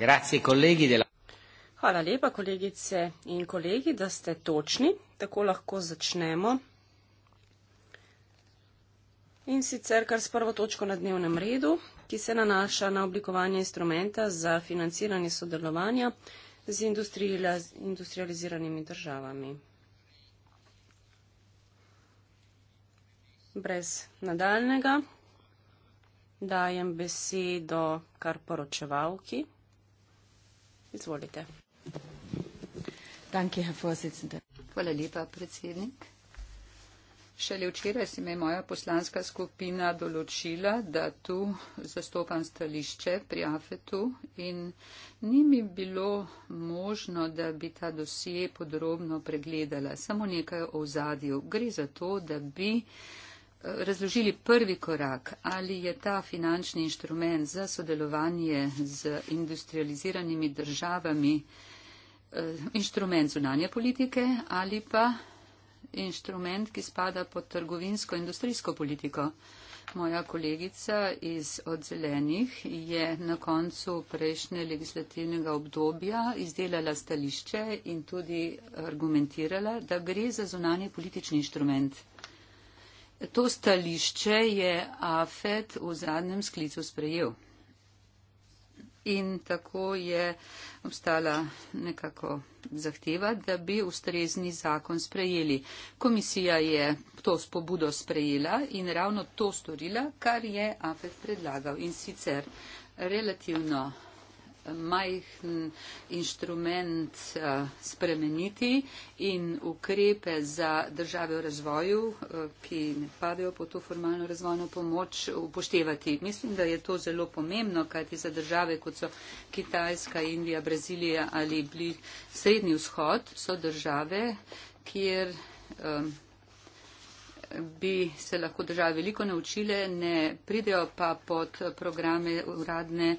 Grazie, kolegi, della... Hvala lepa, kolegice in kolegi, da ste točni. Tako lahko začnemo. In sicer kar s prvo točko na dnevnem redu, ki se nanaša na oblikovanje instrumenta za financiranje sodelovanja z industrializiranimi državami. Brez nadaljnega dajem besedo kar poročevalki. Izvolite. Danke, Herr Vorsitzender. Hvala lepa, predsednik. Šele včeraj si me moja poslanska skupina določila, da tu zastopam stališče pri AFET-u in ni mi bilo možno, da bi ta dosje podrobno pregledala. Samo nekaj o zadju. Gre za to, da bi razložili prvi korak, ali je ta finančni inštrument za sodelovanje z industrializiranimi državami eh, inštrument zunanje politike ali pa inštrument, ki spada pod trgovinsko-industrijsko politiko. Moja kolegica iz odzelenih je na koncu prejšnje legislativnega obdobja izdelala stališče in tudi argumentirala, da gre za zunanje politični inštrument. To stališče je AFED v zadnjem sklicu sprejel. In tako je obstala nekako zahteva, da bi ustrezni zakon sprejeli. Komisija je to spobudo sprejela in ravno to storila, kar je AFED predlagal. In sicer relativno majhen inštrument eh, spremeniti in ukrepe za države v razvoju, eh, ki ne padejo po to formalno razvojno pomoč, upoštevati. Mislim, da je to zelo pomembno, kajti za države, kot so Kitajska, Indija, Brazilija ali bliž, Srednji vzhod, so države, kjer eh, bi se lahko države veliko naučile, ne pridejo pa pod programe uradne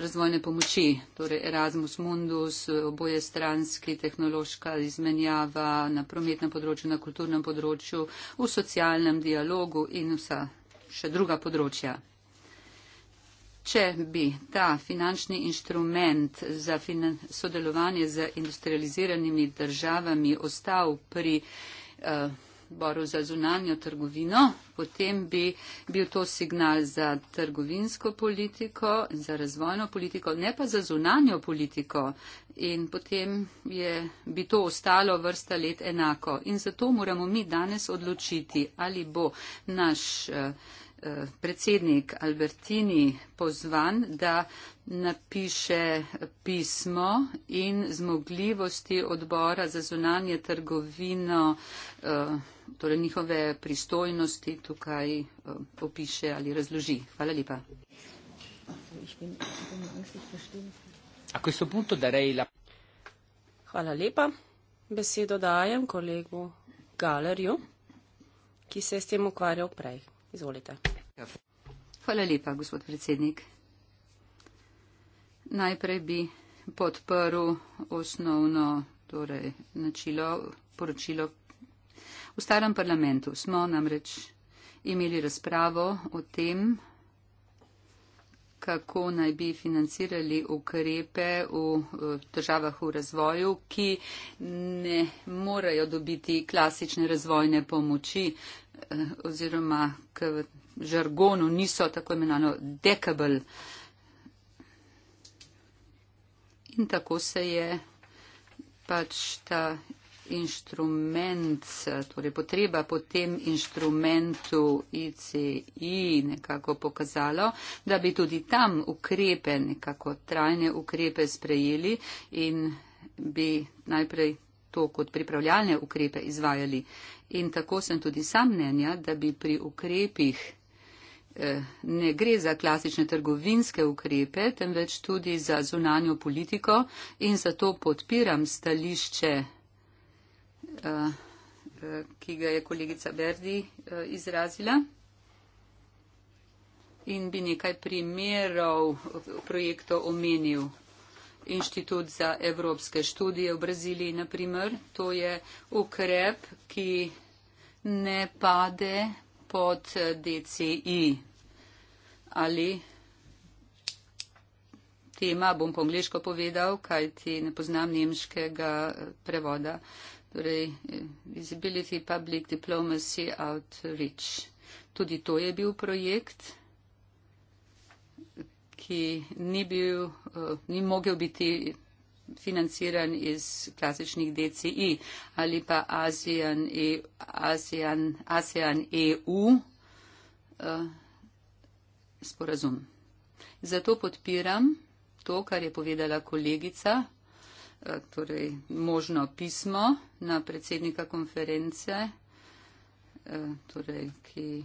razvojne pomoči, torej Erasmus Mundus, oboje stranski, tehnološka izmenjava na prometnem področju, na kulturnem področju, v socialnem dialogu in vsa še druga področja. Če bi ta finančni inštrument za finan sodelovanje z industrializiranimi državami ostal pri uh, odboru za zunanjo trgovino, potem bi bil to signal za trgovinsko politiko, za razvojno politiko, ne pa za zunanjo politiko. In potem je, bi to ostalo vrsta let enako. In zato moramo mi danes odločiti, ali bo naš. Uh, predsednik Albertini pozvan, da napiše pismo in zmogljivosti odbora za zunanje trgovino, eh, torej njihove pristojnosti tukaj eh, opiše ali razloži. Hvala lepa. Hvala lepa. Besedo dajem kolegu Galerju, ki se je s tem ukvarjal prej. Izvolite. Hvala lepa, gospod predsednik. Najprej bi podprl osnovno torej, načilo, poročilo. V starem parlamentu smo namreč imeli razpravo o tem, kako naj bi financirali ukrepe v eh, državah v razvoju, ki ne morejo dobiti klasične razvojne pomoči, oziroma k žargonu niso tako imenano dekabel. In tako se je pač ta inštrument, torej potreba po tem inštrumentu ICI nekako pokazalo, da bi tudi tam ukrepe, nekako trajne ukrepe sprejeli in bi najprej to kot pripravljalne ukrepe izvajali. In tako sem tudi sam mnenja, da bi pri ukrepih eh, ne gre za klasične trgovinske ukrepe, temveč tudi za zunanjo politiko in zato podpiram stališče, eh, eh, ki ga je kolegica Berdi izrazila. In bi nekaj primerov projektov omenil. Inštitut za evropske študije v Braziliji, naprimer. To je ukrep, ki ne pade pod DCI. Ali tema, bom po angliško povedal, kaj ti ne poznam nemškega prevoda. Torej, Visibility Public Diplomacy Outreach. Tudi to je bil projekt ki ni, bil, eh, ni mogel biti financiran iz klasičnih DCI ali pa ASEAN, e, ASEAN, ASEAN EU eh, sporazum. Zato podpiram to, kar je povedala kolegica, eh, torej možno pismo na predsednika konference torej, ki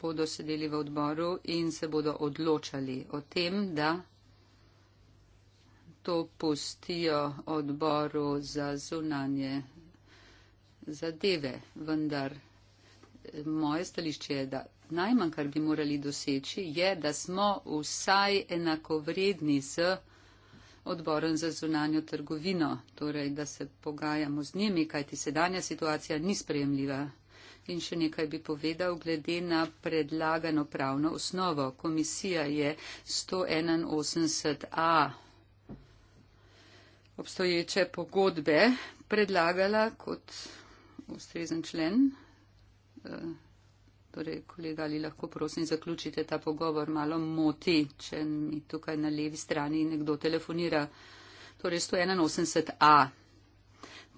bodo sedeli v odboru in se bodo odločali o tem, da to pustijo odboru za zunanje zadeve. Vendar moje stališče je, da najmanj, kar bi morali doseči, je, da smo vsaj enakovredni z odborom za zunanjo trgovino, torej da se pogajamo z njimi, kajti sedanja situacija ni sprejemljiva. In še nekaj bi povedal glede na predlagano pravno osnovo. Komisija je 181a obstoječe pogodbe predlagala kot ustrezen člen. E, torej, kolega, ali lahko prosim zaključite ta pogovor, malo moti, če mi tukaj na levi strani nekdo telefonira. Torej, 181a.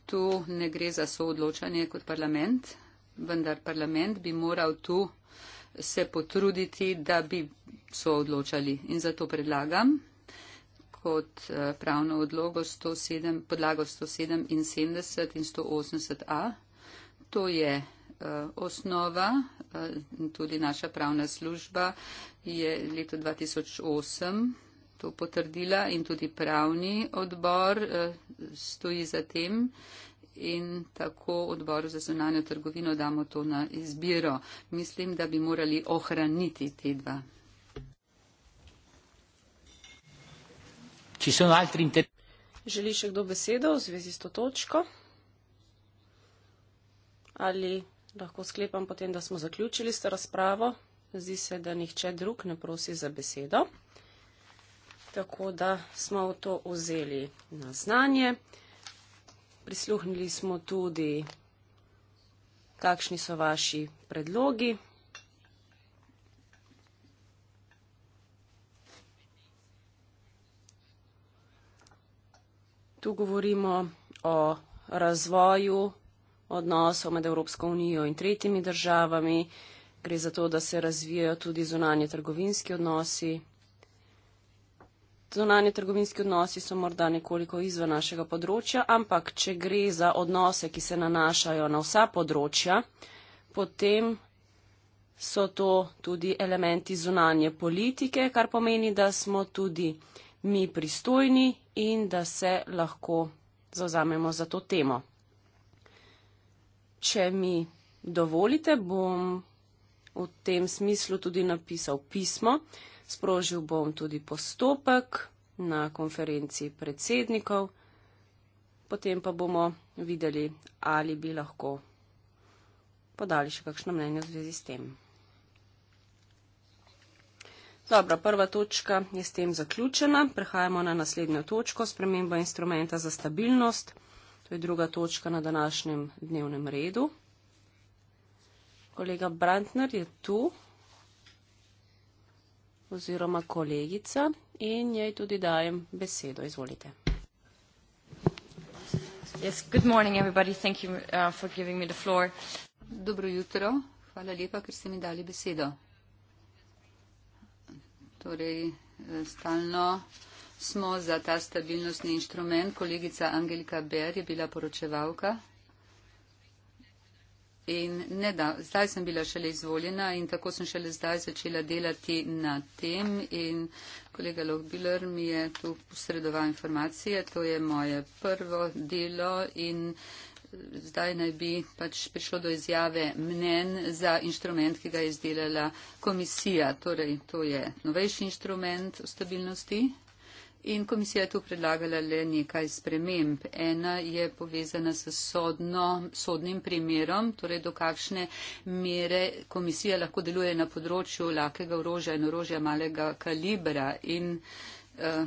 Tu ne gre za soodločanje kot parlament, vendar parlament bi moral tu se potruditi, da bi so odločali. In zato predlagam kot eh, pravno odlogo 107, podlago 177 in 180a. To je eh, osnova, eh, tudi naša pravna služba je leto 2008 to potrdila in tudi pravni odbor stoji za tem in tako odboru za zunanjo trgovino damo to na izbiro. Mislim, da bi morali ohraniti te dva. Želi še kdo besedo v zvezi s to točko? Ali lahko sklepam potem, da smo zaključili s to razpravo? Zdi se, da nihče drug ne prosi za besedo. Tako da smo v to vzeli na znanje prisluhnili smo tudi, kakšni so vaši predlogi. Tu govorimo o razvoju odnosov med Evropsko unijo in tretjimi državami. Gre za to, da se razvijajo tudi zunanje trgovinski odnosi zunanje trgovinski odnosi so morda nekoliko izven našega področja, ampak če gre za odnose, ki se nanašajo na vsa področja, potem so to tudi elementi zunanje politike, kar pomeni, da smo tudi mi pristojni in da se lahko zauzamemo za to temo. Če mi dovolite, bom v tem smislu tudi napisal pismo sprožil bom tudi postopek na konferenci predsednikov, potem pa bomo videli, ali bi lahko podali še kakšno mnenje v zvezi s tem. Dobro, prva točka je s tem zaključena. Prehajamo na naslednjo točko, sprememba instrumenta za stabilnost. To je druga točka na današnjem dnevnem redu. Kolega Brantner je tu oziroma kolegica in njej tudi dajem besedo. Izvolite. Yes, good morning everybody, thank you uh, for giving me the floor. Dobro jutro, hvala lepa, ker ste mi dali besedo. Torej, eh, stalno smo za ta stabilnostni inštrument. Kolegica Angelika Ber je bila poročevalka In ne da, zdaj sem bila šele izvoljena in tako sem šele zdaj začela delati na tem in kolega Lohbiler mi je tu posredoval informacije, to je moje prvo delo in eh, zdaj naj bi pač prišlo do izjave mnen za inštrument, ki ga je izdelala komisija. Torej, to je novejši inštrument o stabilnosti. In komisija je tu predlagala le nekaj sprememb. Ena je povezana s sodno, sodnim primerom, torej do kakšne mere komisija lahko deluje na področju lakega orožja in orožja malega kalibra. In eh,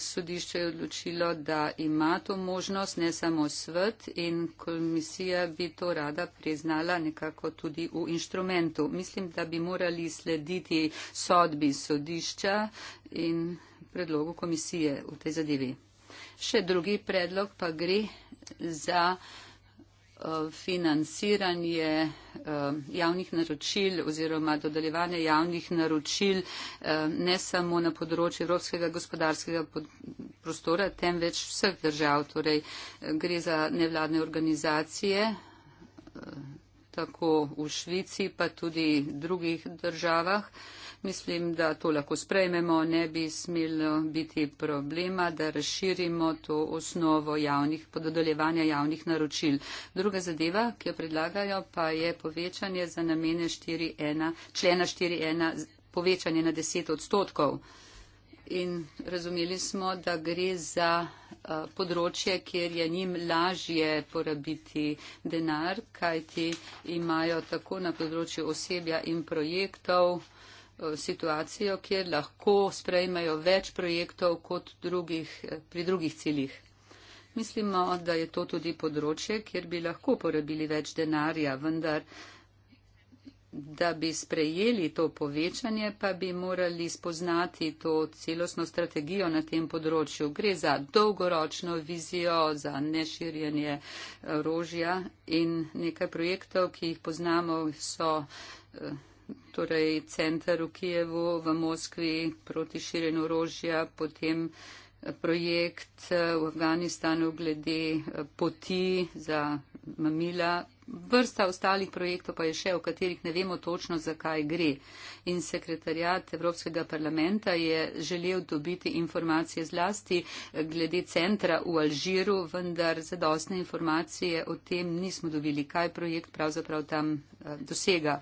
Sodišče je odločilo, da ima to možnost, ne samo svet in komisija bi to rada priznala nekako tudi v instrumentu. Mislim, da bi morali slediti sodbi sodišča in predlogu komisije v tej zadevi. Še drugi predlog pa gre za eh, financiranje eh, javnih naročil oziroma dodeljevanje javnih naročil eh, ne samo na področju evropskega gospodarskega prostora, temveč vseh držav. Torej gre za nevladne organizacije, tako v Švici, pa tudi drugih državah. Mislim, da to lahko sprejmemo, ne bi smelo biti problema, da razširimo to osnovo javnih, pododeljevanja javnih naročil. Druga zadeva, ki jo predlagajo, pa je povečanje za namene 4.1, člena 4.1, povečanje na 10 odstotkov. In razumeli smo, da gre za uh, področje, kjer je njim lažje porabiti denar, kajti imajo tako na področju osebja in projektov situacijo, kjer lahko sprejmejo več projektov kot drugih, pri drugih ciljih. Mislimo, da je to tudi področje, kjer bi lahko porabili več denarja, vendar, da bi sprejeli to povečanje, pa bi morali spoznati to celostno strategijo na tem področju. Gre za dolgoročno vizijo, za neširjenje rožja in nekaj projektov, ki jih poznamo, so. Eh, torej center v Kijevu, v Moskvi proti širjenju orožja, potem eh, projekt eh, v Afganistanu glede eh, poti za mamila. Vrsta ostalih projektov pa je še, o katerih ne vemo točno, zakaj gre. In sekretarjat Evropskega parlamenta je želel dobiti informacije zlasti glede centra v Alžiru, vendar zadostne informacije o tem nismo dobili, kaj projekt pravzaprav tam dosega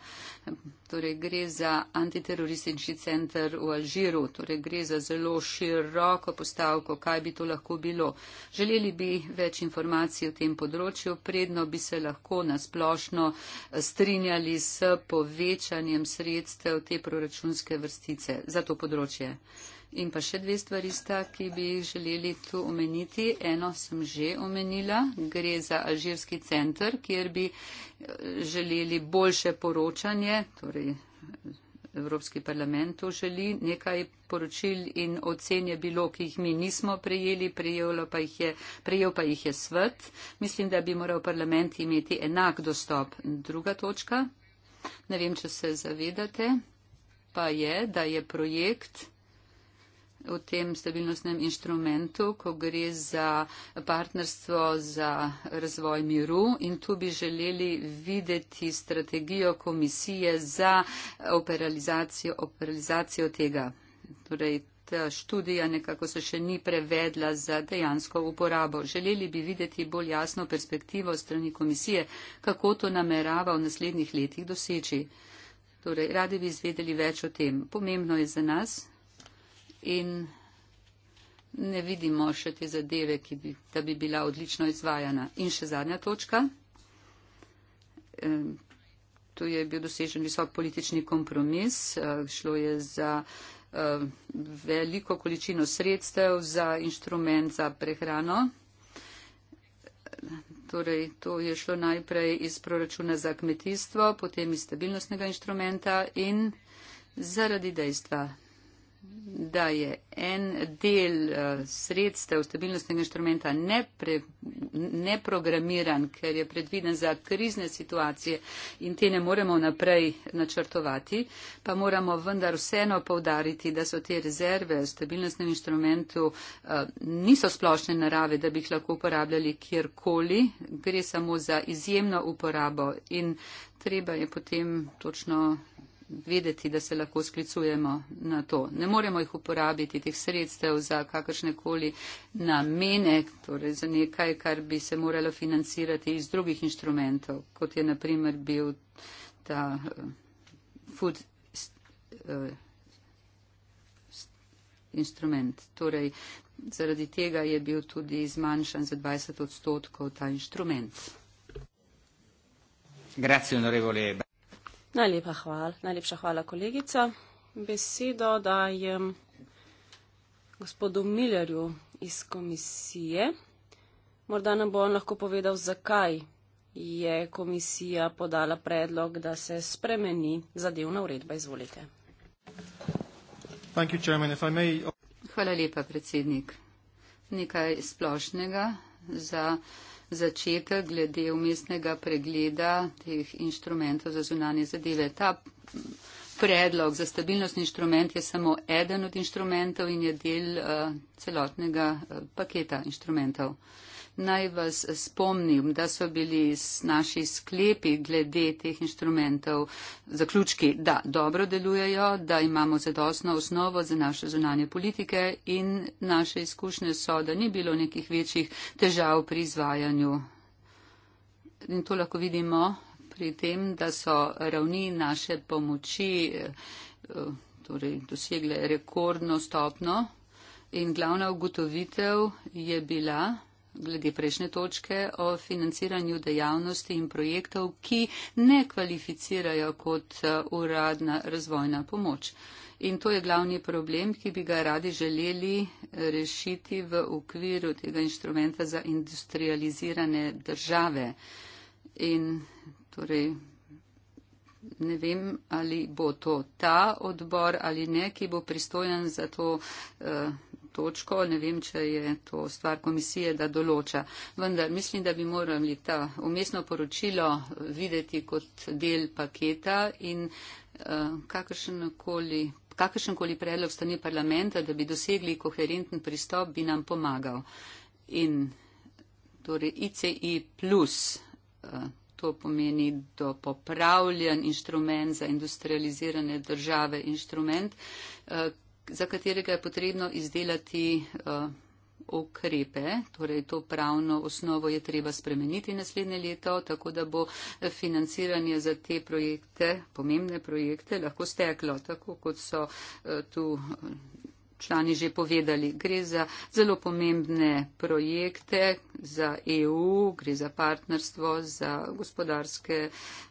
torej gre za antiteroristični centr v Alžiru, torej gre za zelo široko postavko, kaj bi to lahko bilo. Želeli bi več informacij o tem področju, predno bi se lahko nasplošno strinjali s povečanjem sredstev te proračunske vrstice za to področje. In pa še dve stvari sta, ki bi jih želeli tu omeniti. Eno sem že omenila, gre za Alžirski center, kjer bi eh, želeli boljše poročanje, torej Evropski parlament to želi. Nekaj poročil in ocen je bilo, ki jih mi nismo prejeli, pa jih je, prejel pa jih je svet. Mislim, da bi moral parlament imeti enak dostop. Druga točka, ne vem, če se zavedate, pa je, da je projekt, v tem stabilnostnem inštrumentu, ko gre za partnerstvo za razvoj miru in tu bi želeli videti strategijo komisije za operalizacijo, operalizacijo tega. Torej, ta študija nekako se še ni prevedla za dejansko uporabo. Želeli bi videti bolj jasno perspektivo strani komisije, kako to namerava v naslednjih letih doseči. Torej, radi bi izvedeli več o tem. Pomembno je za nas, in ne vidimo še te zadeve, bi, da bi bila odlično izvajana. In še zadnja točka. Tu je bil dosežen visok politični kompromis. Eh, šlo je za eh, veliko količino sredstev za inštrument za prehrano. Torej, to je šlo najprej iz proračuna za kmetijstvo, potem iz stabilnostnega inštrumenta in zaradi dejstva, da je en del eh, sredstev stabilnostnega inštrumenta neprogramiran, ker je predviden za krizne situacije in te ne moremo naprej načrtovati, pa moramo vendar vseeno povdariti, da so te rezerve v stabilnostnem inštrumentu eh, niso splošne narave, da bi jih lahko uporabljali kjerkoli, gre samo za izjemno uporabo in treba je potem točno vedeti, da se lahko sklicujemo na to. Ne moremo jih uporabiti, teh sredstev, za kakršnekoli namene, torej za nekaj, kar bi se moralo financirati iz drugih inštrumentov, kot je naprimer bil ta uh, food st, uh, eh, st, instrument. Torej, zaradi tega je bil tudi zmanjšan za 20 odstotkov ta inštrument. Grazie onorevole. Najlepa hvala, najlepša hvala, kolegica. Besedo dajem gospodu Millerju iz komisije. Morda nam bo on lahko povedal, zakaj je komisija podala predlog, da se spremeni zadevna uredba. Izvolite. You, chairman, may... Hvala lepa, predsednik. Nekaj splošnega za začetek glede umestnega pregleda teh inštrumentov za zunanje zadeve. Ta predlog za stabilnost inštrument je samo eden od inštrumentov in je del uh, celotnega uh, paketa inštrumentov. Naj vas spomnim, da so bili s naši sklepi glede teh inštrumentov zaključki, da dobro delujejo, da imamo zadostno osnovo za naše zunanje politike in naše izkušnje so, da ni bilo nekih večjih težav pri izvajanju. In to lahko vidimo pri tem, da so ravni naše pomoči eh, torej, dosegle rekordno stopno. In glavna ugotovitev je bila, glede prejšnje točke o financiranju dejavnosti in projektov, ki ne kvalificirajo kot eh, uradna razvojna pomoč. In to je glavni problem, ki bi ga radi želeli eh, rešiti v okviru tega inštrumenta za industrializirane države. In torej ne vem, ali bo to ta odbor ali ne, ki bo pristojen za to. Uh, točko. Ne vem, če je to stvar komisije, da določa. Vendar mislim, da bi morali ta umestno poročilo videti kot del paketa in eh, kakršenkoli. Kakršenkoli predlog strani parlamenta, da bi dosegli koherenten pristop, bi nam pomagal. In torej ICI plus, eh, to pomeni do popravljen inštrument za industrializirane države, inštrument, eh, za katerega je potrebno izdelati uh, eh, okrepe, torej to pravno osnovo je treba spremeniti naslednje leto, tako da bo financiranje za te projekte, pomembne projekte, lahko steklo, tako kot so uh, tu. Eh, člani že povedali, gre za zelo pomembne projekte za EU, gre za partnerstvo, za gospodarske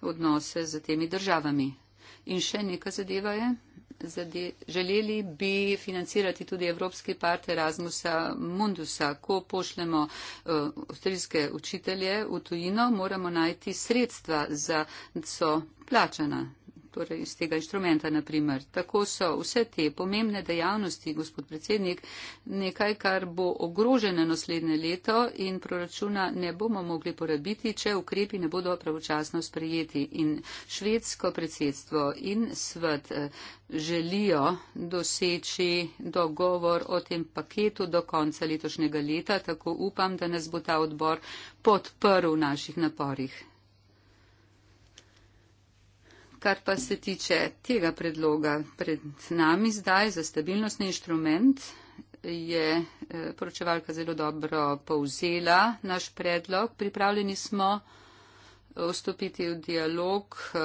odnose z temi državami. In še neka zadeva je, Želeli bi financirati tudi evropski part Erasmusa Mundusa. Ko pošljemo eh, avstrijske uh, učitelje v tujino, moramo najti sredstva za so plačana torej iz tega inštrumenta naprimer. Tako so vse te pomembne dejavnosti, gospod predsednik, nekaj, kar bo ogrožene naslednje leto in proračuna ne bomo mogli porabiti, če ukrepi ne bodo pravočasno sprejeti. In švedsko predsedstvo in svet eh, želijo doseči dogovor o tem paketu do konca letošnjega leta, tako upam, da nas bo ta odbor podprl v naših naporih. Kar pa se tiče tega predloga pred nami zdaj za stabilnostni inštrument, je eh, poročevalka zelo dobro povzela naš predlog. Pripravljeni smo eh, vstopiti v dialog eh,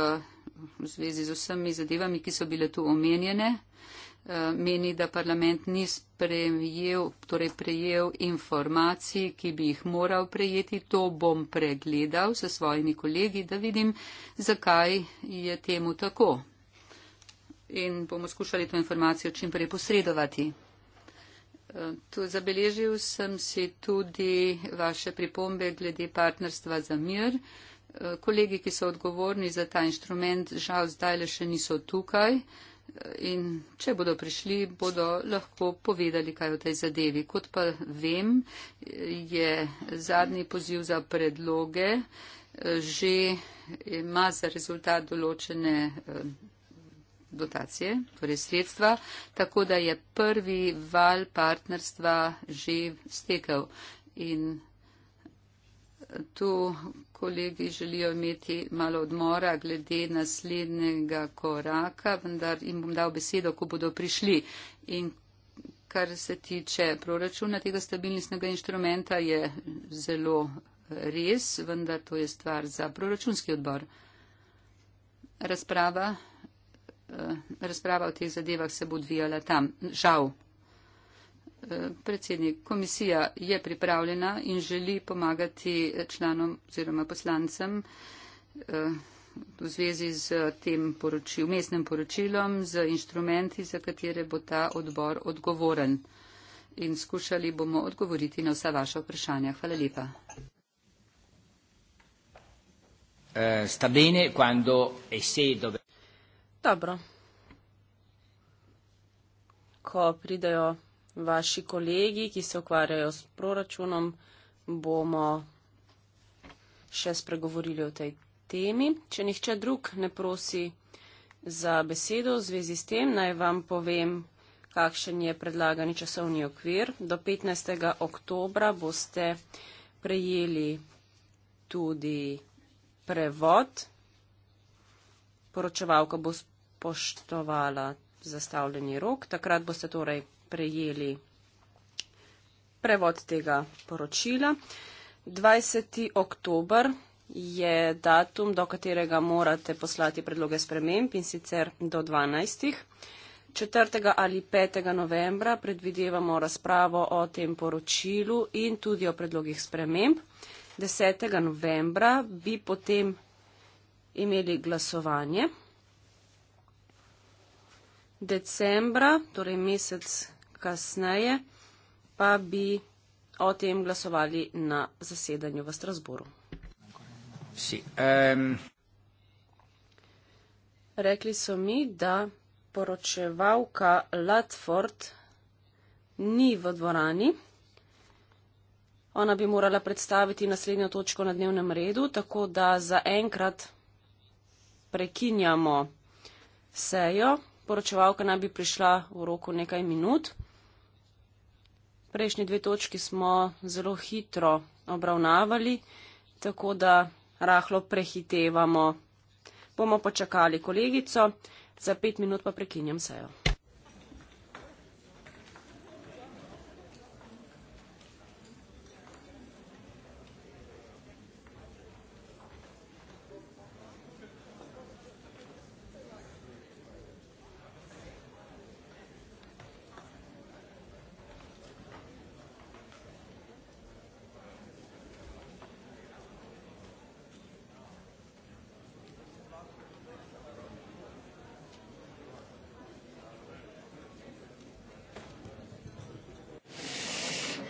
v zvezi z vsemi zadevami, ki so bile tu omenjene meni, da parlament ni sprejel, torej prejel informacij, ki bi jih moral prejeti. To bom pregledal s svojimi kolegi, da vidim, zakaj je temu tako. In bomo skušali to informacijo čim prej posredovati. E, tu zabeležil sem si tudi vaše pripombe glede partnerstva za mir. E, kolegi, ki so odgovorni za ta inštrument, žal zdaj le še niso tukaj in če bodo prišli, bodo lahko povedali, kaj o tej zadevi. Kot pa vem, je zadnji poziv za predloge eh, že ima za rezultat določene eh, dotacije, torej sredstva, tako da je prvi val partnerstva že stekel. In tu kolegi želijo imeti malo odmora glede naslednjega koraka, vendar jim bom dal besedo, ko bodo prišli. In kar se tiče proračuna tega stabilnostnega inštrumenta, je zelo res, vendar to je stvar za proračunski odbor. Razprava, eh, razprava o teh zadevah se bo odvijala tam. Žal predsednik, komisija je pripravljena in želi pomagati članom oziroma poslancem eh, v zvezi z tem poročil, mestnem poročilom, z inštrumenti, za katere bo ta odbor odgovoren. In skušali bomo odgovoriti na vsa vaša vprašanja. Hvala lepa. Eh, e Dobro. Ko pridejo vaši kolegi, ki se ukvarjajo s proračunom, bomo še spregovorili o tej temi. Če nihče drug ne prosi za besedo v zvezi s tem, naj vam povem, kakšen je predlagani časovni okvir. Do 15. oktobra boste prejeli tudi prevod. Poročevalka bo spoštovala zastavljeni rok. Takrat boste torej prejeli prevod tega poročila. 20. oktober je datum, do katerega morate poslati predloge sprememb in sicer do 12. 4. ali 5. novembra predvidevamo razpravo o tem poročilu in tudi o predlogih sprememb. 10. novembra bi potem imeli glasovanje. Decembra, torej mesec kasneje pa bi o tem glasovali na zasedanju v Strasboru. Si, um... Rekli so mi, da poročevalka Latford ni v dvorani. Ona bi morala predstaviti naslednjo točko na dnevnem redu, tako da zaenkrat prekinjamo sejo. Poročevalka naj bi prišla v roku nekaj minut. Prejšnji dve točki smo zelo hitro obravnavali, tako da rahlo prehitevamo. Bomo počakali kolegico, za pet minut pa prekinjam sejo.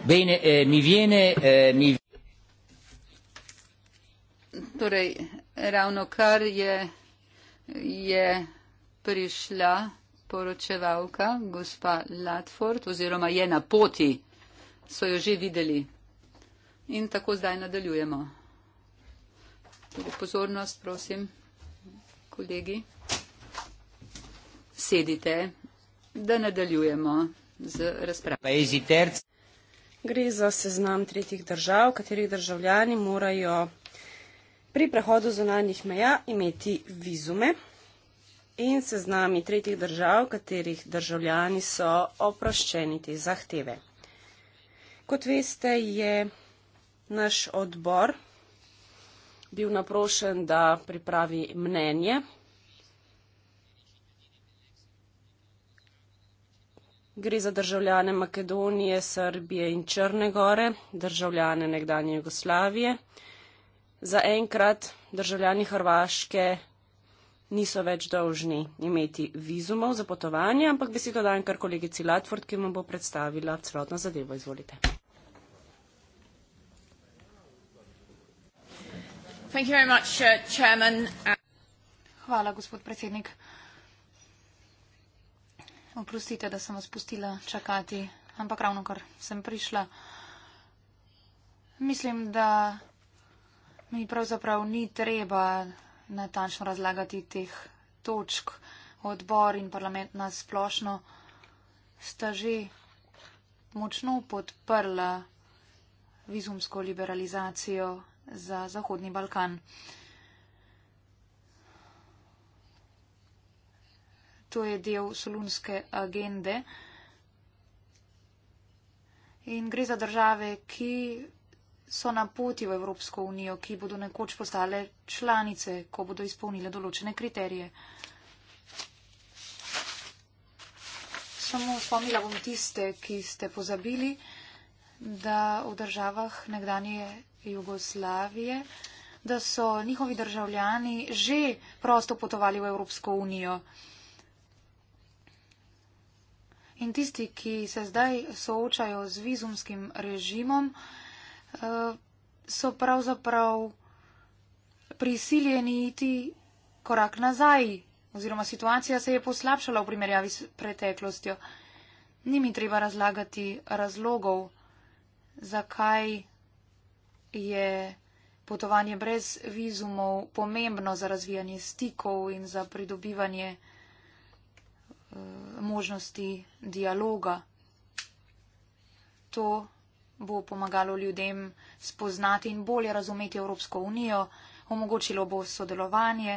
Bene, eh, mi viene. Eh, mi... Torej, ravno kar je, je prišla poročevalka, gospa Latford, oziroma je na poti, so jo že videli. In tako zdaj nadaljujemo. Torej, pozornost, prosim, kolegi, sedite, da nadaljujemo z razpravo. Gre za seznam tretjih držav, katerih državljani morajo pri prehodu zunanjih meja imeti vizume in seznami tretjih držav, katerih državljani so oproščeni te zahteve. Kot veste, je naš odbor bil naprošen, da pripravi mnenje Gre za državljane Makedonije, Srbije in Črne gore, državljane nekdanje Jugoslavije. Za enkrat državljani Hrvaške niso več dolžni imeti vizumov za potovanje, ampak bi si to dan kar kolegici Latford, ki vam bo predstavila celotno zadevo. Izvolite. Uh, Hvala, gospod predsednik. Oprostite, da sem vas pustila čakati, ampak ravno kar sem prišla. Mislim, da mi pravzaprav ni treba natančno razlagati teh točk. Odbor in parlament nas splošno sta že močno podprla vizumsko liberalizacijo za Zahodni Balkan. to je del solunske agende. In gre za države, ki so na poti v Evropsko unijo, ki bodo nekoč postale članice, ko bodo izpolnile določene kriterije. Samo spomnila bom tiste, ki ste pozabili, da v državah nekdanje Jugoslavije, da so njihovi državljani že prosto potovali v Evropsko unijo. In tisti, ki se zdaj soočajo z vizumskim režimom, eh, so pravzaprav prisiljeni iti korak nazaj, oziroma situacija se je poslabšala v primerjavi s preteklostjo. Ni mi treba razlagati razlogov, zakaj je potovanje brez vizumov pomembno za razvijanje stikov in za pridobivanje. Eh, možnosti dialoga. To bo pomagalo ljudem spoznati in bolje razumeti Evropsko unijo, omogočilo bo sodelovanje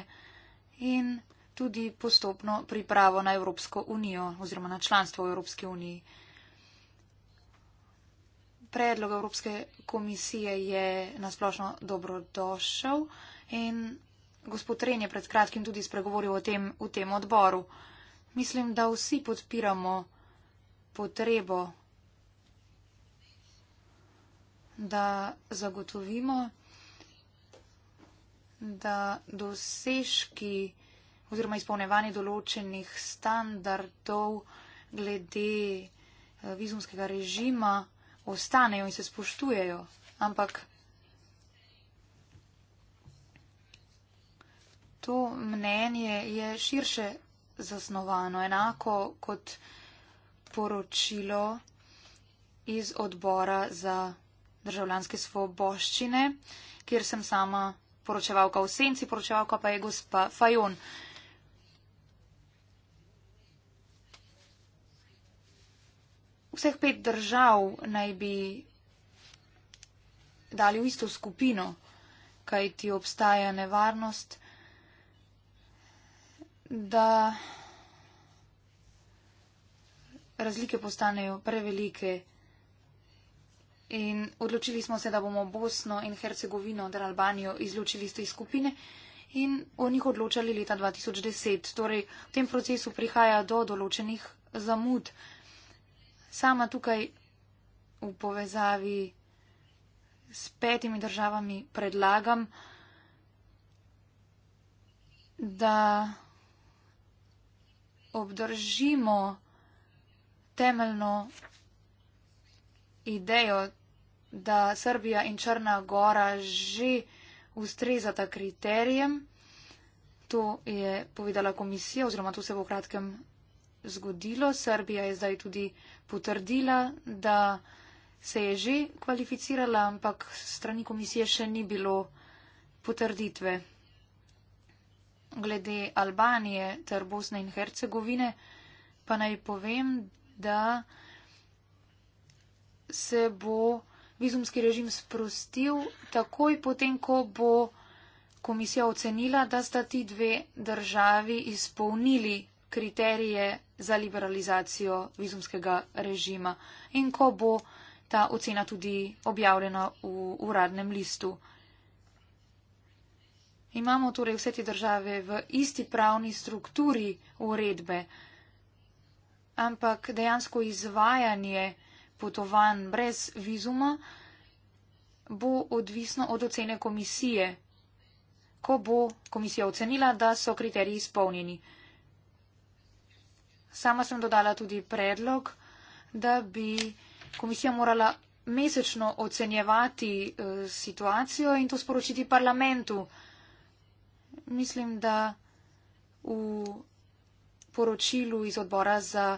in tudi postopno pripravo na Evropsko unijo oziroma na članstvo v Evropski uniji. Predlog Evropske komisije je nasplošno dobrodošel in gospod Ren je pred kratkim tudi spregovoril o tem v tem odboru. Uh, Mislim, da vsi podpiramo potrebo, da zagotovimo, da dosežki oziroma izpolnevanje določenih standardov glede eh, vizumskega režima ostanejo in se spoštujejo. Ampak to mnenje je širše zasnovano, enako kot poročilo iz odbora za državljanske svoboščine, kjer sem sama poročevalka v senci, poročevalka pa je gospa Fajon. Vseh pet držav naj bi dali v isto skupino, kajti obstaja nevarnost, da razlike postanejo prevelike. In odločili smo se, da bomo Bosno in Hercegovino ter Albanijo izločili iz te skupine in o njih odločali leta 2010. Torej, v tem procesu prihaja do določenih zamud. Sama tukaj v povezavi s petimi državami predlagam, da obdržimo temeljno idejo, da Srbija in Črna Gora že ustrezata kriterijem. To je povedala komisija oziroma to se bo v kratkem zgodilo. Srbija je zdaj tudi potrdila, da se je že kvalificirala, ampak strani komisije še ni bilo potrditve. Glede Albanije ter Bosne in Hercegovine pa naj povem, da se bo vizumski režim sprostil takoj potem, ko bo komisija ocenila, da sta ti dve državi izpolnili kriterije za liberalizacijo vizumskega režima in ko bo ta ocena tudi objavljena v uradnem listu. Imamo torej vse te države v isti pravni strukturi uredbe, ampak dejansko izvajanje potovanj brez vizuma bo odvisno od ocene komisije, ko bo komisija ocenila, da so kriteriji izpolnjeni. Sama sem dodala tudi predlog, da bi komisija morala mesečno ocenjevati eh, situacijo in to sporočiti parlamentu mislim, da v poročilu iz odbora za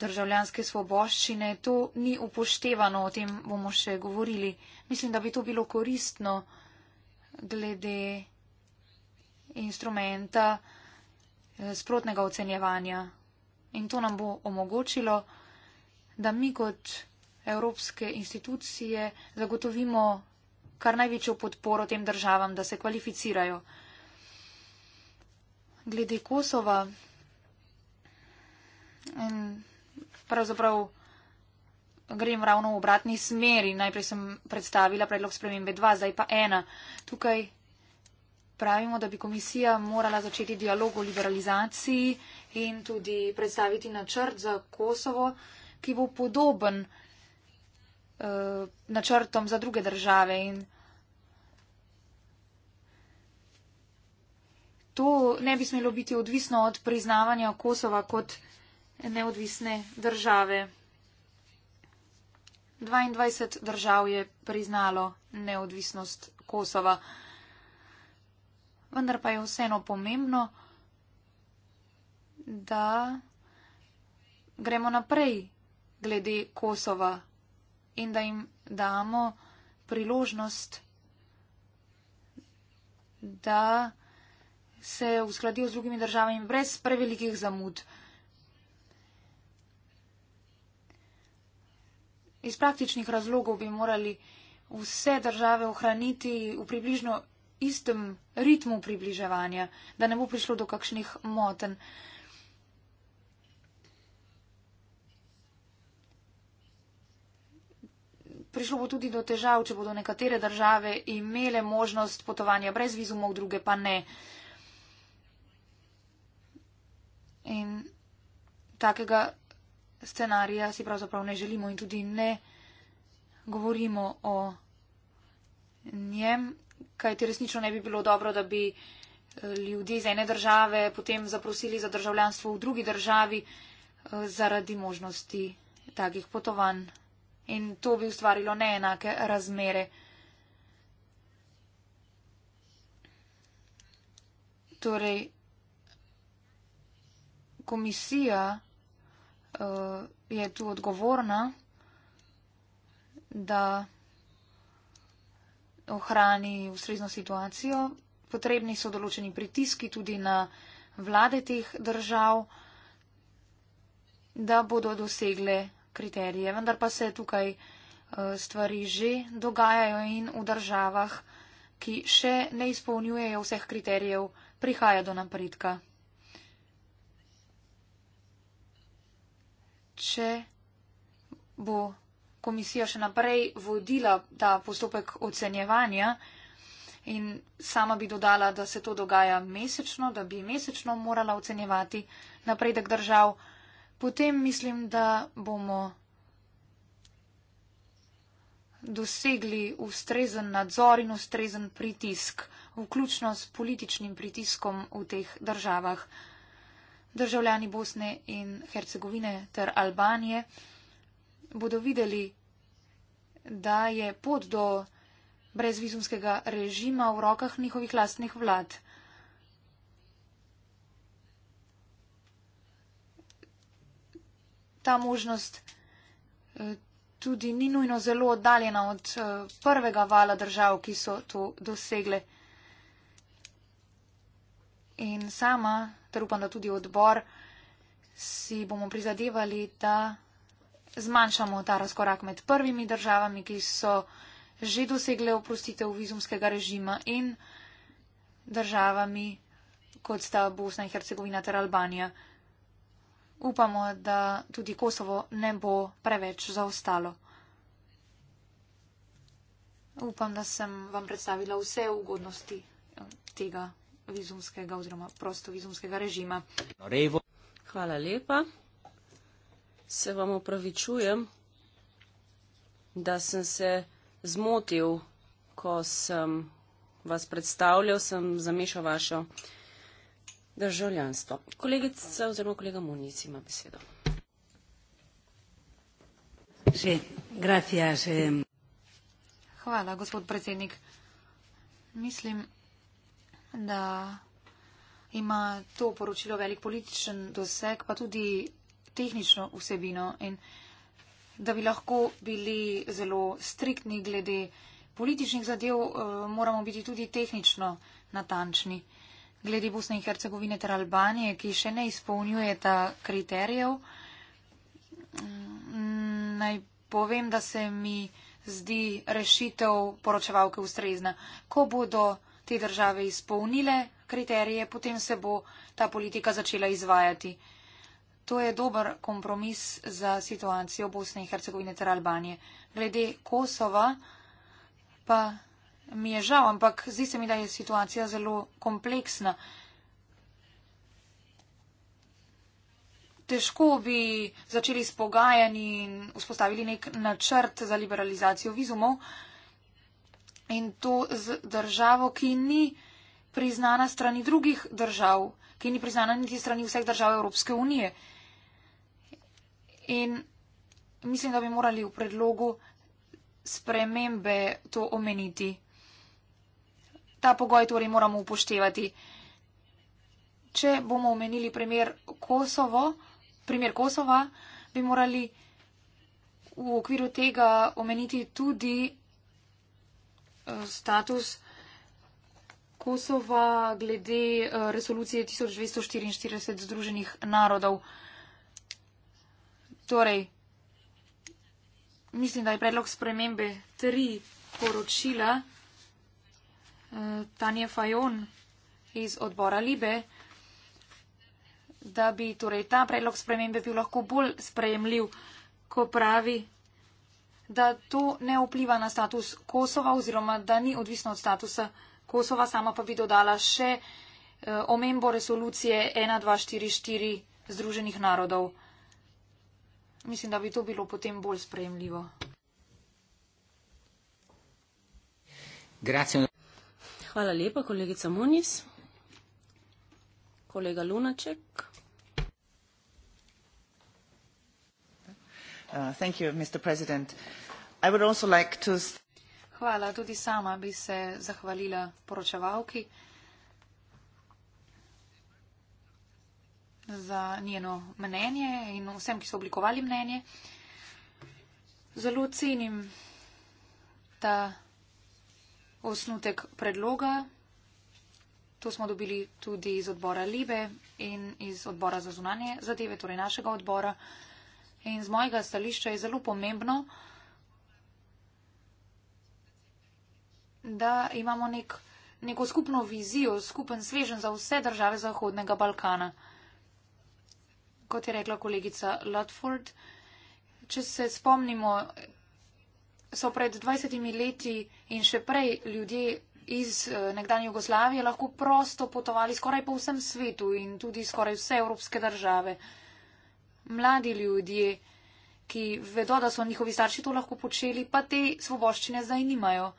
državljanske svoboščine to ni upoštevano, o tem bomo še govorili. Mislim, da bi to bilo koristno glede instrumenta eh, sprotnega ocenjevanja. In to nam bo omogočilo, da mi kot evropske institucije zagotovimo kar največjo podporo tem državam, da se kvalificirajo glede Kosova in pravzaprav grem ravno v obratni smeri. Najprej sem predstavila predlog spremembe 2, zdaj pa 1. Tukaj pravimo, da bi komisija morala začeti dialog o liberalizaciji in tudi predstaviti načrt za Kosovo, ki bo podoben uh, načrtom za druge države. In, uh, to ne bi smelo biti odvisno od priznavanja Kosova kot neodvisne države. 22 držav je priznalo neodvisnost Kosova. Vendar pa je vseeno pomembno, da gremo naprej glede Kosova in da jim damo priložnost, da se je uskladil z drugimi državami brez prevelikih zamud. Iz praktičnih razlogov bi morali vse države ohraniti v približno istem ritmu približevanja, da ne bo prišlo do kakšnih moten. Prišlo bo tudi do težav, če bodo nekatere države imele možnost potovanja brez vizumov, druge pa ne. Uh, In takega scenarija si pravzaprav ne želimo in tudi ne govorimo o njem, kajti resnično ne bi bilo dobro, da bi eh, ljudi iz ene države potem zaprosili za državljanstvo v drugi državi eh, zaradi možnosti takih potovanj. In to bi ustvarilo neenake razmere. Torej, komisija uh, je tu odgovorna, da ohrani ustrezno situacijo. Potrebni so določeni pritiski tudi na vlade teh držav, da bodo dosegle kriterije. Vendar pa se tukaj uh, stvari že dogajajo in v državah, ki še ne izpolnjujejo vseh kriterijev, prihaja do napredka. če bo komisija še naprej vodila ta postopek ocenjevanja in sama bi dodala, da se to dogaja mesečno, da bi mesečno morala ocenjevati napredek držav, potem mislim, da bomo dosegli ustrezen nadzor in ustrezen pritisk, vključno s političnim pritiskom v teh državah državljani Bosne in Hercegovine ter Albanije bodo videli, da je pot do brezvizumskega režima v rokah njihovih lastnih vlad. Ta možnost eh, tudi ni nujno zelo oddaljena od eh, prvega vala držav, ki so to dosegle. In sama ter upam, da tudi odbor, si bomo prizadevali, da zmanjšamo ta razkorak med prvimi državami, ki so že dosegle oprostitev vizumskega režima in državami, kot sta Bosna in Hercegovina ter Albanija. Upamo, da tudi Kosovo ne bo preveč zaostalo. Upam, da sem vam predstavila vse ugodnosti eh, tega vizumskega oziroma prosto vizumskega režima. Hvala lepa. Se vam opravičujem, da sem se zmotil, ko sem vas predstavljal, sem zamešal vašo državljanstvo. Kolegica oziroma kolega Munic ima besedo. Eh. Hvala, gospod predsednik. Mislim, da ima to poročilo velik političen doseg, pa tudi tehnično vsebino in da bi lahko bili zelo striktni glede političnih zadev, eh, moramo biti tudi tehnično natančni. Glede Bosne in Hercegovine ter Albanije, ki še ne izpolnjujeta kriterijev, mm, naj povem, da se mi zdi rešitev poročevalke ustrezna. Ko bodo te države izpolnile kriterije, potem se bo ta politika začela izvajati. To je dober kompromis za situacijo Bosne in Hercegovine ter Albanije. Glede Kosova pa mi je žal, ampak zdi se mi, da je situacija zelo kompleksna. Težko bi začeli s pogajanji in vzpostavili nek načrt za liberalizacijo vizumov, in to z državo, ki ni priznana strani drugih držav, ki ni priznana niti strani vseh držav Evropske unije. In mislim, da bi morali v predlogu spremembe to omeniti. Ta pogoj torej moramo upoštevati. Če bomo omenili primer, Kosovo, primer Kosova, bi morali v okviru tega omeniti tudi status Kosova glede eh, resolucije 1244 Združenih narodov. Torej, mislim, da je predlog spremembe tri poročila eh, Tanje Fajon iz odbora Libe, da bi torej ta predlog spremembe bil lahko bolj sprejemljiv, ko pravi, da to ne vpliva na status Kosova oziroma da ni odvisno od statusa Kosova. Sama pa bi dodala še eh, omembo resolucije 1244 Združenih narodov. Mislim, da bi to bilo potem bolj sprejemljivo. Grazie. Hvala lepa, kolegica Moniz. Kolega Lunaček. Uh, Hvala. Tudi sama bi se zahvalila poročevalki za njeno mnenje in vsem, ki so oblikovali mnenje. Zelo cenim ta osnutek predloga. To smo dobili tudi iz odbora Libe in iz odbora za zunanje zadeve, torej našega odbora. In z mojega stališča je zelo pomembno, da imamo nek, neko skupno vizijo, skupen svežen za vse države Zahodnega Balkana. Kot je rekla kolegica Ludford, če se spomnimo, so pred 20 leti in še prej ljudje iz eh, nekdanje Jugoslavije lahko prosto potovali skoraj po vsem svetu in tudi skoraj vse evropske države mladi ljudje, ki vedo, da so njihovi starši to lahko počeli, pa te svoboščine zdaj nimajo.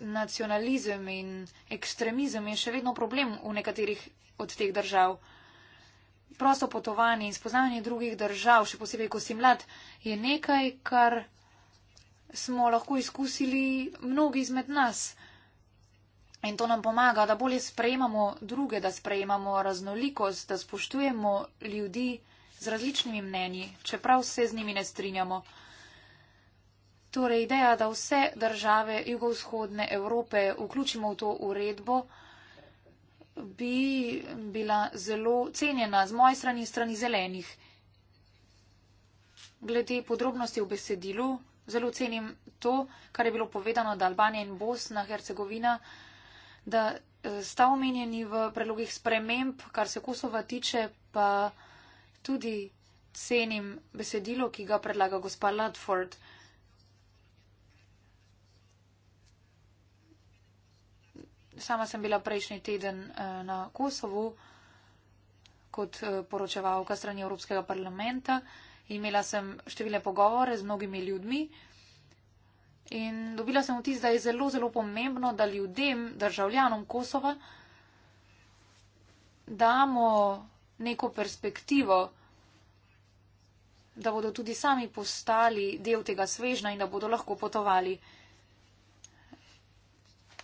Nacionalizem in ekstremizem je še vedno problem v nekaterih od teh držav. Prosto potovanje in spoznanje drugih držav, še posebej, ko si mlad, je nekaj, kar smo lahko izkusili mnogi izmed nas. In to nam pomaga, da bolje sprejemamo druge, da sprejemamo raznolikost, da spoštujemo ljudi z različnimi mnenji, čeprav se z njimi ne strinjamo. Torej, ideja, da vse države jugovzhodne Evrope vključimo v to uredbo, bi bila zelo cenjena z moje strani in strani zelenih. Glede podrobnosti v besedilu, zelo cenim to, kar je bilo povedano, da Albanija in Bosna, Hercegovina, da eh, sta omenjeni v predlogih sprememb, kar se Kosova tiče, pa tudi cenim besedilo, ki ga predlaga gospa Ludford. Sama sem bila prejšnji teden eh, na Kosovu kot eh, poročevalka strani Evropskega parlamenta. Imela sem številne pogovore z mnogimi ljudmi. In dobila sem vtis, da je zelo, zelo pomembno, da ljudem, državljanom Kosova, damo neko perspektivo, da bodo tudi sami postali del tega svežna in da bodo lahko potovali.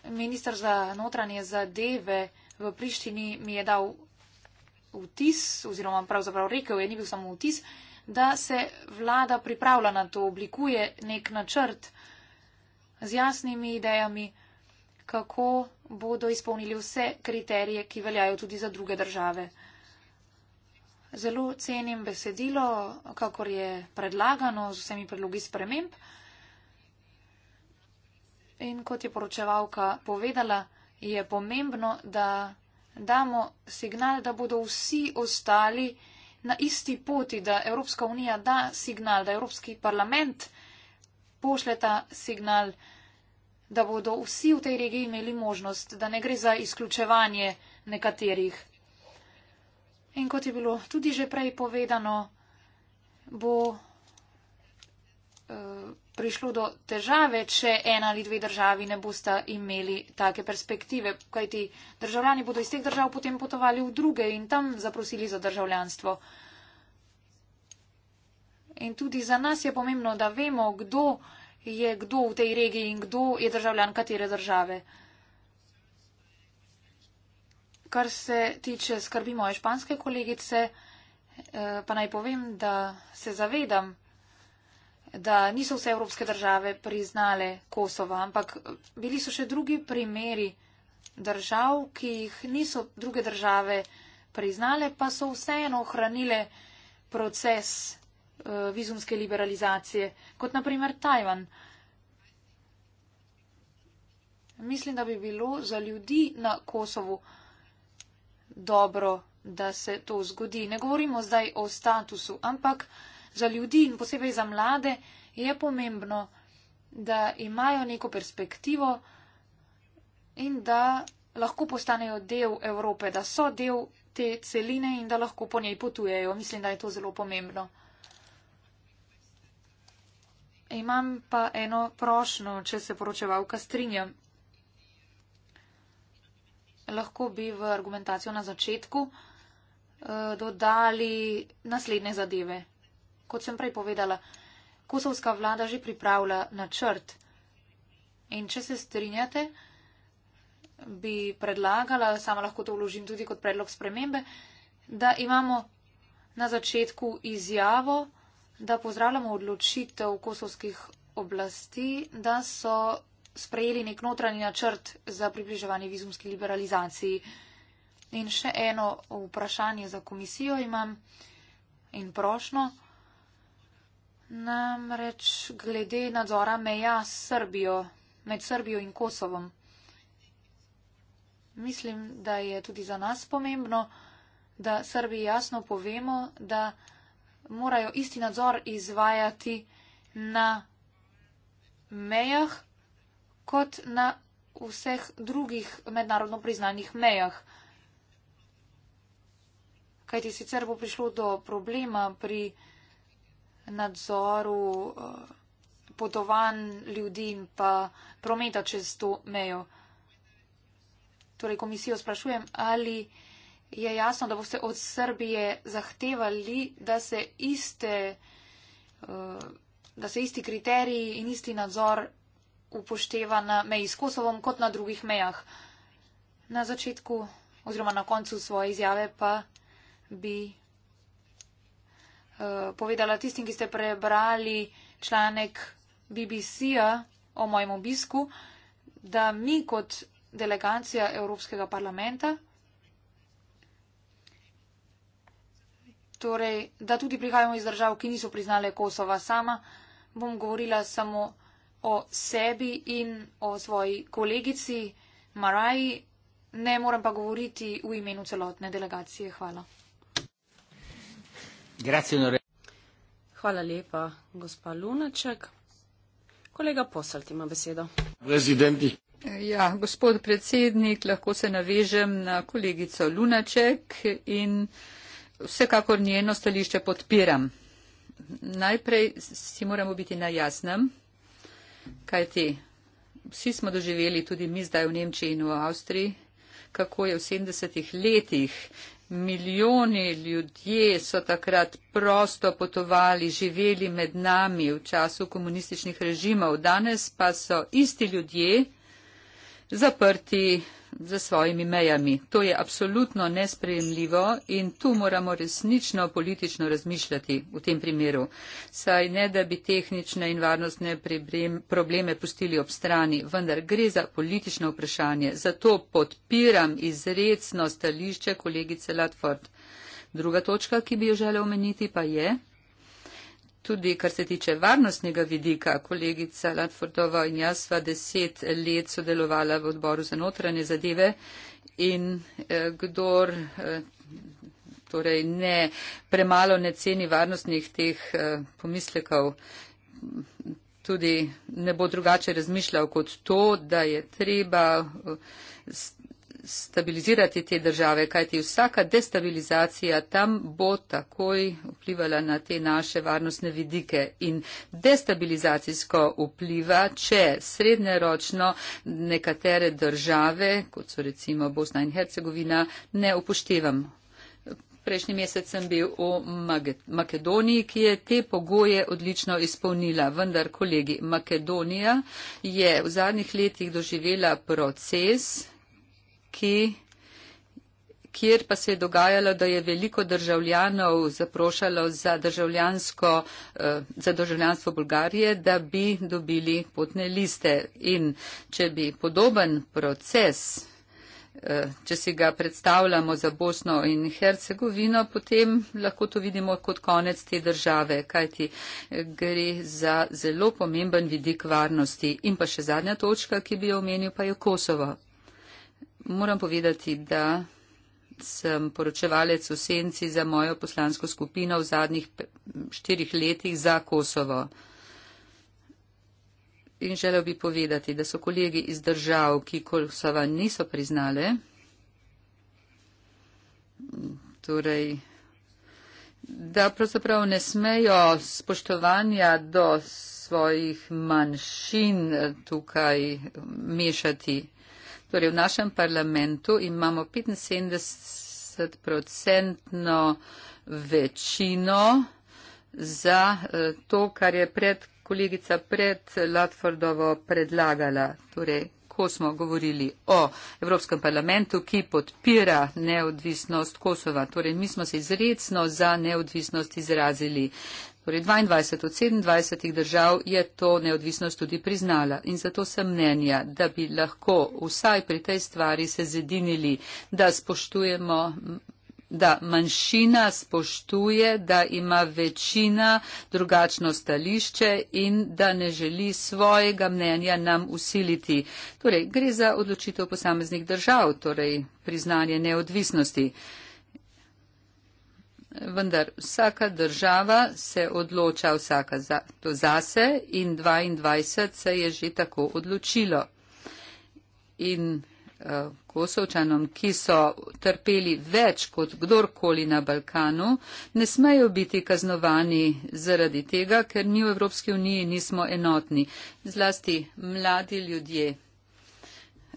Ministr za notranje zadeve v Prištini mi je dal vtis, oziroma pravzaprav rekel, je ni bil samo vtis, da se vlada pripravlja na to, oblikuje nek načrt, z jasnimi idejami, kako bodo izpolnili vse kriterije, ki veljajo tudi za druge države. Zelo cenim besedilo, kakor je predlagano z vsemi predlogi sprememb. In kot je poročevalka povedala, je pomembno, da damo signal, da bodo vsi ostali na isti poti, da Evropska unija da signal, da Evropski parlament pošleta signal, da bodo vsi v tej regiji imeli možnost, da ne gre za izključevanje nekaterih. In kot je bilo tudi že prej povedano, bo eh, prišlo do težave, če ena ali dve državi ne bosta imeli take perspektive, kajti državljani bodo iz teh držav potem potovali v druge in tam zaprosili za državljanstvo. In tudi za nas je pomembno, da vemo, kdo je kdo v tej regiji in kdo je državljan katere države. Kar se tiče skrbi moje španske kolegice, eh, pa naj povem, da se zavedam, da niso vse evropske države priznale Kosova, ampak eh, bili so še drugi primeri držav, ki jih niso druge države priznale, pa so vseeno ohranile proces Eh, vizumske liberalizacije, kot naprimer Tajvan. Mislim, da bi bilo za ljudi na Kosovu dobro, da se to zgodi. Ne govorimo zdaj o statusu, ampak za ljudi in posebej za mlade je pomembno, da imajo neko perspektivo in da lahko postanejo del Evrope, da so del te celine in da lahko po njej potujejo. Mislim, da je to zelo pomembno. Imam pa eno prošno, če se poročevalka strinja. Lahko bi v argumentacijo na začetku uh, dodali naslednje zadeve. Kot sem prej povedala, kosovska vlada že pripravlja načrt. In če se strinjate, bi predlagala, sama lahko to vložim tudi kot predlog spremembe, da imamo na začetku izjavo, da pozdravljamo odločitev kosovskih oblasti, da so sprejeli nek notranji načrt za približevanje vizumski liberalizaciji. In še eno vprašanje za komisijo imam in prošno. Namreč glede nadzora meja s Srbijo, med Srbijo in Kosovom. Mislim, da je tudi za nas pomembno, da Srbiji jasno povemo, da morajo isti nadzor izvajati na mejah kot na vseh drugih mednarodno priznanih mejah. Kajti sicer bo prišlo do problema pri nadzoru eh, potovanj ljudi in pa prometa čez to mejo. Torej komisijo sprašujem, ali je jasno, da boste od Srbije zahtevali, da se, iste, eh, da se isti kriteriji in isti nadzor upošteva na meji s Kosovom kot na drugih mejah. Na začetku oziroma na koncu svoje izjave pa bi eh, povedala tistim, ki ste prebrali članek BBC-a o mojem obisku, da mi kot delegacija Evropskega parlamenta torej, da tudi prihajamo iz držav, ki niso priznale Kosova sama, bom govorila samo o sebi in o svoji kolegici Maraji, ne moram pa govoriti v imenu celotne delegacije. Hvala. Hvala lepa, gospa Lunaček. Kolega Posalt ima besedo. Prezidenti. Ja, gospod predsednik, lahko se navežem na kolegico Lunaček in vsekakor njeno stališče podpiram. Najprej si moramo biti na jasnem, kajti vsi smo doživeli, tudi mi zdaj v Nemčiji in v Avstriji, kako je v 70-ih letih milijoni ljudje so takrat prosto potovali, živeli med nami v času komunističnih režimov. Danes pa so isti ljudje zaprti za svojimi mejami. To je absolutno nesprejemljivo in tu moramo resnično politično razmišljati v tem primeru. Saj ne, da bi tehnične in varnostne probleme pustili ob strani, vendar gre za politično vprašanje. Zato podpiram izredno stališče kolegice Latford. Druga točka, ki bi jo želel omeniti, pa je. Tudi kar se tiče varnostnega vidika, kolegica Latfordova in jaz sva deset let sodelovala v odboru za notranje zadeve in eh, kdor. Eh, Torej, ne, premalo ne ceni varnostnih teh eh, pomislekov, tudi ne bo drugače razmišljal kot to, da je treba eh, stabilizirati te države, kajti vsaka destabilizacija tam bo takoj vplivala na te naše varnostne vidike in destabilizacijsko vpliva, če srednjeročno nekatere države, kot so recimo Bosna in Hercegovina, ne upoštevamo. Prejšnji mesec sem bil v Makedoniji, ki je te pogoje odlično izpolnila. Vendar, kolegi, Makedonija je v zadnjih letih doživela proces, ki, kjer pa se je dogajalo, da je veliko državljanov zaprošalo za, državljansko, eh, za državljanstvo Bolgarije, da bi dobili potne liste. In če bi podoben proces, eh, če si ga predstavljamo za Bosno in Hercegovino, potem lahko to vidimo kot konec te države, kajti eh, gre za zelo pomemben vidik varnosti. In pa še zadnja točka, ki bi jo omenil, pa je Kosovo. Moram povedati, da sem poročevalec v senci za mojo poslansko skupino v zadnjih štirih letih za Kosovo. In želel bi povedati, da so kolegi iz držav, ki Kosova niso priznale, torej, da pravzaprav ne smejo spoštovanja do svojih manjšin tukaj mešati. Torej, v našem parlamentu imamo 75-odstotno večino za eh, to, kar je pred, kolegica pred Latfordovo predlagala. Torej, ko smo govorili o Evropskem parlamentu, ki podpira neodvisnost Kosova, torej mi smo se izredno za neodvisnost izrazili. Torej 22 od 27 držav je to neodvisnost tudi priznala in zato sem mnenja, da bi lahko vsaj pri tej stvari se zedinili, da spoštujemo, da manjšina spoštuje, da ima večina drugačno stališče in da ne želi svojega mnenja nam usiliti. Torej gre za odločitev posameznih držav, torej priznanje neodvisnosti vendar vsaka država se odloča vsaka za, to zase in 22 se je že tako odločilo. In uh, kosovčanom, ki so trpeli več kot kdorkoli na Balkanu, ne smejo biti kaznovani zaradi tega, ker mi v Evropski uniji nismo enotni. Zlasti mladi ljudje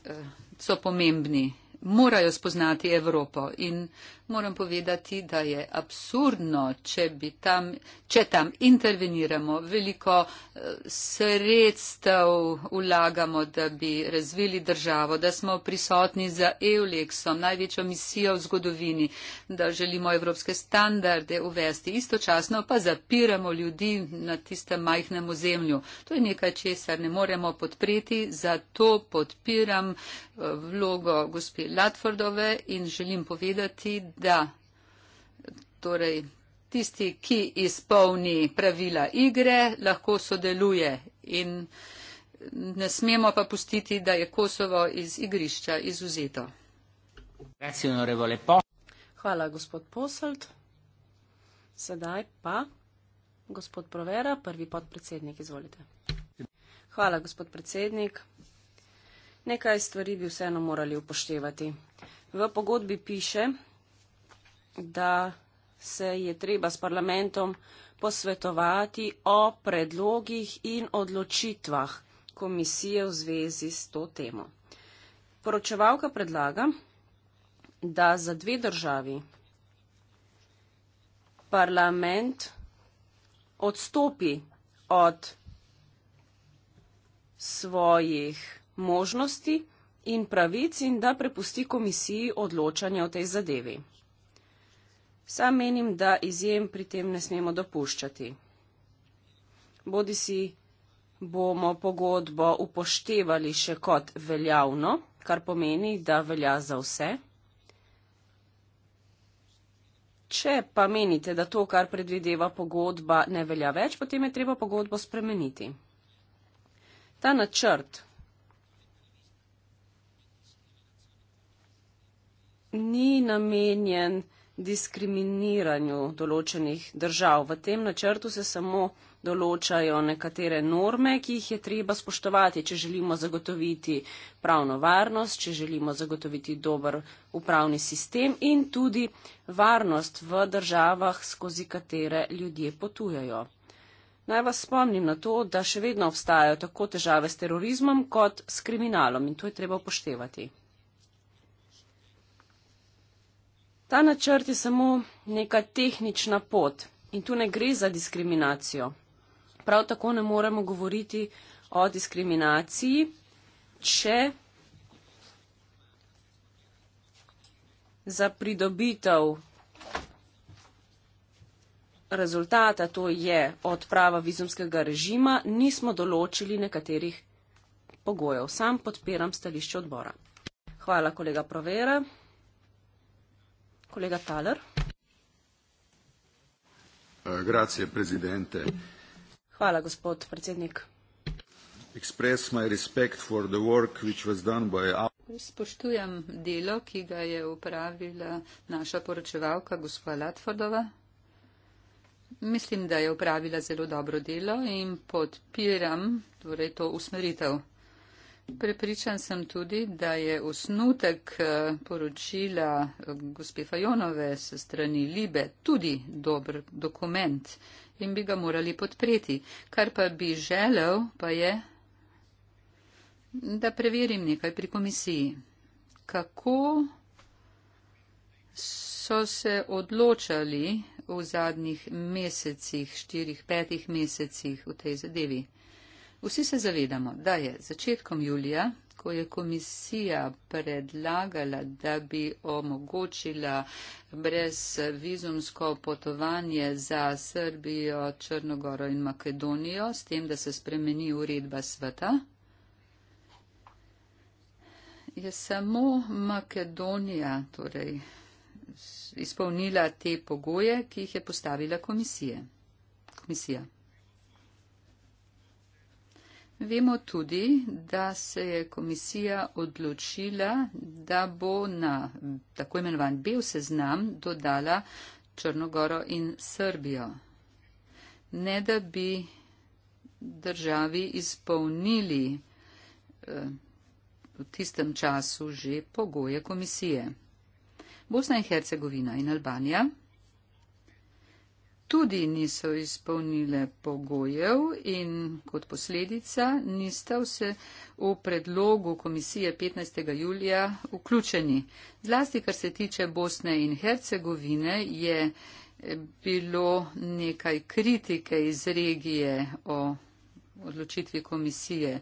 uh, so pomembni morajo spoznati Evropo. In moram povedati, da je absurdno, če, tam, če tam interveniramo, veliko eh, sredstev vlagamo, da bi razvili državo, da smo prisotni za EULEX-om, največjo misijo v zgodovini, da želimo evropske standarde uvesti, istočasno pa zapiramo ljudi na tistem majhnem ozemlju. To je nekaj, česar ne moremo podpreti, zato podpiram eh, vlogo gospe Latfordove in želim povedati, da torej, tisti, ki izpolni pravila igre, lahko sodeluje in ne smemo pa pustiti, da je Kosovo iz igrišča izuzeto. Hvala, gospod Poselt. Sedaj pa gospod Provera, prvi podpredsednik, izvolite. Hvala, gospod predsednik. Nekaj stvari bi vseeno morali upoštevati. V pogodbi piše, da se je treba s parlamentom posvetovati o predlogih in odločitvah komisije v zvezi s to temo. Poročevalka predlaga, da za dve državi parlament odstopi od svojih možnosti in pravic in da prepusti komisiji odločanje o tej zadevi. Sam menim, da izjem pri tem ne smemo dopuščati. Bodi si bomo pogodbo upoštevali še kot veljavno, kar pomeni, da velja za vse. Če pa menite, da to, kar predvideva pogodba, ne velja več, potem je treba pogodbo spremeniti. Ta načrt, ni namenjen diskriminiranju določenih držav. V tem načrtu se samo določajo nekatere norme, ki jih je treba spoštovati, če želimo zagotoviti pravno varnost, če želimo zagotoviti dober upravni sistem in tudi varnost v državah, skozi katere ljudje potujajo. Naj vas spomnim na to, da še vedno obstajajo tako težave s terorizmom kot s kriminalom in to je treba upoštevati. Ta načrt je samo neka tehnična pot in tu ne gre za diskriminacijo. Prav tako ne moremo govoriti o diskriminaciji, če za pridobitev rezultata, to je odprava vizumskega režima, nismo določili nekaterih pogojev. Sam podpiram stališče odbora. Hvala, kolega Provera. Kolega Taler. Eh, grazie, presidente. Hvala, gospod predsednik. Express my respect for the work which was done by Spoštujem delo, ki ga je upravila naša poročevalka, gospa Latfordova. Mislim, da je upravila zelo dobro delo in podpiram torej to usmeritev. Prepričan sem tudi, da je osnutek eh, poročila eh, gospe Fajonove se strani Libe tudi dober dokument in bi ga morali podpreti. Kar pa bi želel, pa je, da preverim nekaj pri komisiji. Kako so se odločali v zadnjih mesecih, štirih, petih mesecih v tej zadevi? Vsi se zavedamo, da je začetkom julija, ko je komisija predlagala, da bi omogočila brezvizumsko potovanje za Srbijo, Črnogoro in Makedonijo, s tem, da se spremeni uredba sveta, je samo Makedonija torej, izpolnila te pogoje, ki jih je postavila komisije. komisija. Vemo tudi, da se je komisija odločila, da bo na tako imenovan bel seznam dodala Črnogoro in Srbijo. Ne da bi državi izpolnili eh, v tistem času že pogoje komisije. Bosna in Hercegovina in Albanija tudi niso izpolnile pogojev in kot posledica nista vse v predlogu komisije 15. julija vključeni. Zlasti, kar se tiče Bosne in Hercegovine, je eh, bilo nekaj kritike iz regije o odločitvi komisije.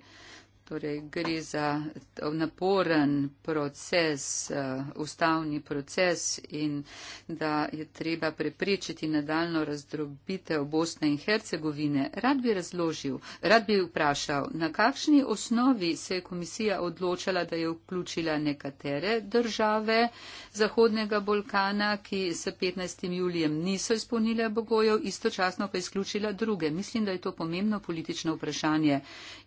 Torej, gre za naporen proces, eh, ustavni proces in da je treba preprečiti nadaljno razdrobitev Bosne in Hercegovine. Rad bi razložil, rad bi vprašal, na kakšni osnovi se je komisija odločala, da je vključila nekatere države Zahodnega Balkana, ki s 15. julijem niso izpolnile bogojev, istočasno pa izključila druge. Mislim, da je to pomembno politično vprašanje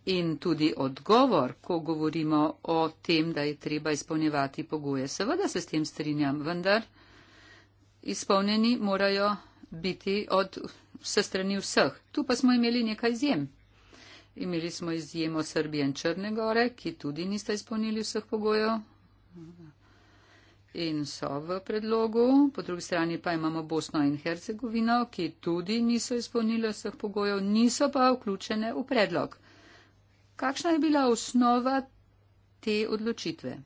in tudi odgovor odgovor, ko govorimo o tem, da je treba izpolnjevati pogoje. Seveda se s tem strinjam, vendar izpolnjeni morajo biti od vse strani vseh. Tu pa smo imeli nekaj izjem. Imeli smo izjemo Srbije in Črne gore, ki tudi nista izpolnili vseh pogojev in so v predlogu. Po drugi strani pa imamo Bosno in Hercegovino, ki tudi niso izpolnili vseh pogojev, niso pa vključene v predlog. Kakšna je bila osnova te odločitve?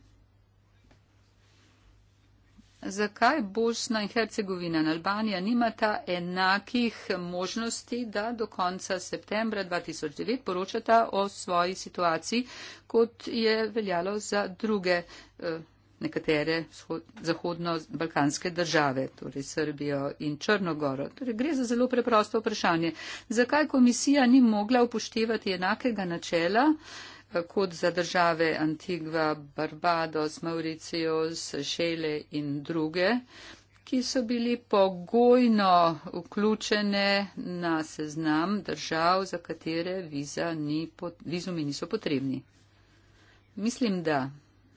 Zakaj Bosna in Hercegovina in Albanija nimata enakih možnosti, da do konca septembra 2009 poročata o svoji situaciji, kot je veljalo za druge eh, nekatere zahodno-balkanske države, torej Srbijo in Črnogoro. Torej gre za zelo preprosto vprašanje. Zakaj komisija ni mogla upoštevati enakega načela eh, kot za države Antigva, Barbados, Mauricios, Šele in druge, ki so bili pogojno vključene na seznam držav, za katere vizumi niso potrebni? Mislim, da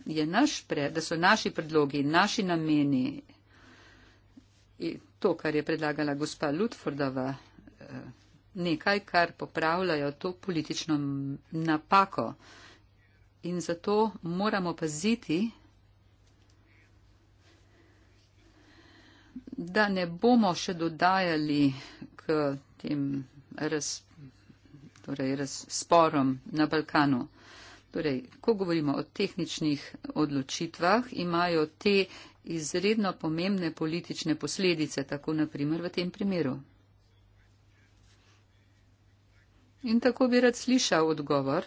je naš pre, da so naši predlogi, naši nameni, to, kar je predlagala gospa Lutfordova, eh, nekaj, kar popravljajo to politično napako. In zato moramo paziti, da ne bomo še dodajali k tem raz, torej, raz, sporom na Balkanu. Torej, ko govorimo o tehničnih odločitvah, imajo te izredno pomembne politične posledice, tako naprimer v tem primeru. In tako bi rad slišal odgovor,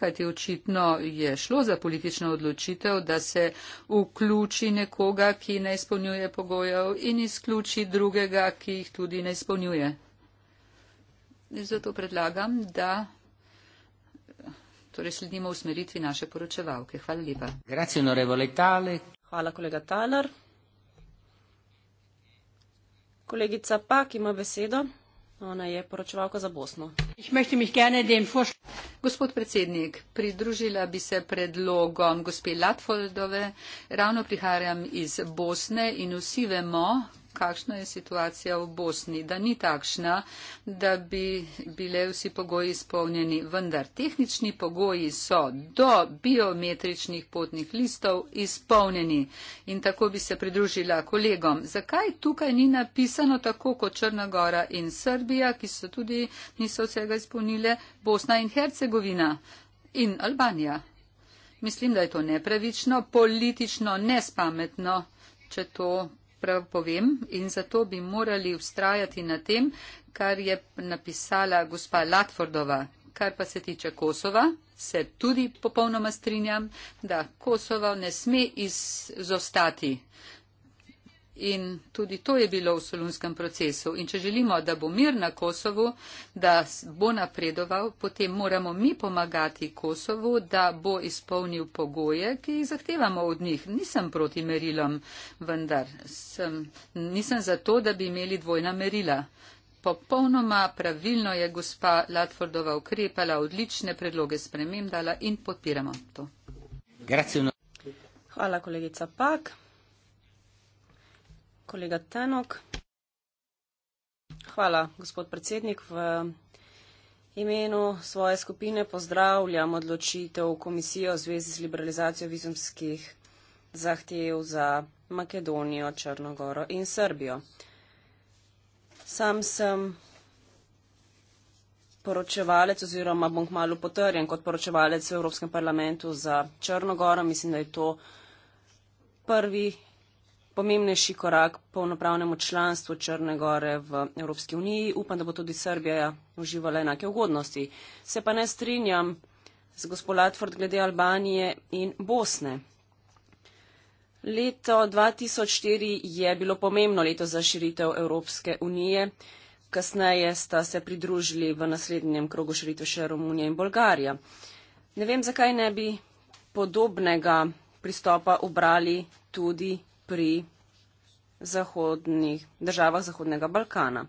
kajti očitno je šlo za politično odločitev, da se vključi nekoga, ki ne izpolnjuje pogojev in izključi drugega, ki jih tudi ne izpolnjuje. In zato predlagam, da. Torej sledimo usmeritvi naše poročevalke. Hvala lepa. Hvala, kolega Talar. Kolegica Pak ima besedo. Ona je poročevalka za Bosno. Gospod predsednik, pridružila bi se predlogom gospe Latfoldove. Ravno prihajam iz Bosne in vsi vemo, kakšna je situacija v Bosni, da ni takšna, da bi bile vsi pogoji izpolnjeni, vendar tehnični pogoji so do biometričnih potnih listov izpolnjeni. In tako bi se pridružila kolegom. Zakaj tukaj ni napisano tako kot Črna Gora in Srbija, ki so tudi niso vsega izpolnile, Bosna in Hercegovina in Albanija? Mislim, da je to nepravično, politično, nespametno, če to prav povem in zato bi morali ustrajati na tem, kar je napisala gospa Latfordova. Kar pa se tiče Kosova, se tudi popolnoma strinjam, da Kosovo ne sme izostati. Iz In tudi to je bilo v solunskem procesu. In če želimo, da bo mir na Kosovu, da bo napredoval, potem moramo mi pomagati Kosovu, da bo izpolnil pogoje, ki jih zahtevamo od njih. Nisem proti merilom, vendar sem, nisem za to, da bi imeli dvojna merila. Popolnoma pravilno je gospa Latfordova ukrepala, odlične predloge sprememdala in podpiramo to. Hvala, kolegica Pak kolega Tenok. Hvala, gospod predsednik. V imenu svoje skupine pozdravljam odločitev komisije v zvezi z liberalizacijo vizumskih zahtev za Makedonijo, Črnogoro in Srbijo. Sam sem poročevalec oziroma bom kmalo potrjen kot poročevalec v Evropskem parlamentu za Črnogoro. Mislim, da je to prvi pomembnejši korak polnopravnemu članstvu Črne Gore v Evropski uniji. Upam, da bo tudi Srbija uživala enake ugodnosti. Se pa ne strinjam z gospod Latford glede Albanije in Bosne. Leto 2004 je bilo pomembno leto za širitev Evropske unije. Kasneje sta se pridružili v naslednjem krogu širitev še Romunija in Bolgarija. Ne vem, zakaj ne bi podobnega pristopa obrali tudi pri zahodnih, državah Zahodnega Balkana.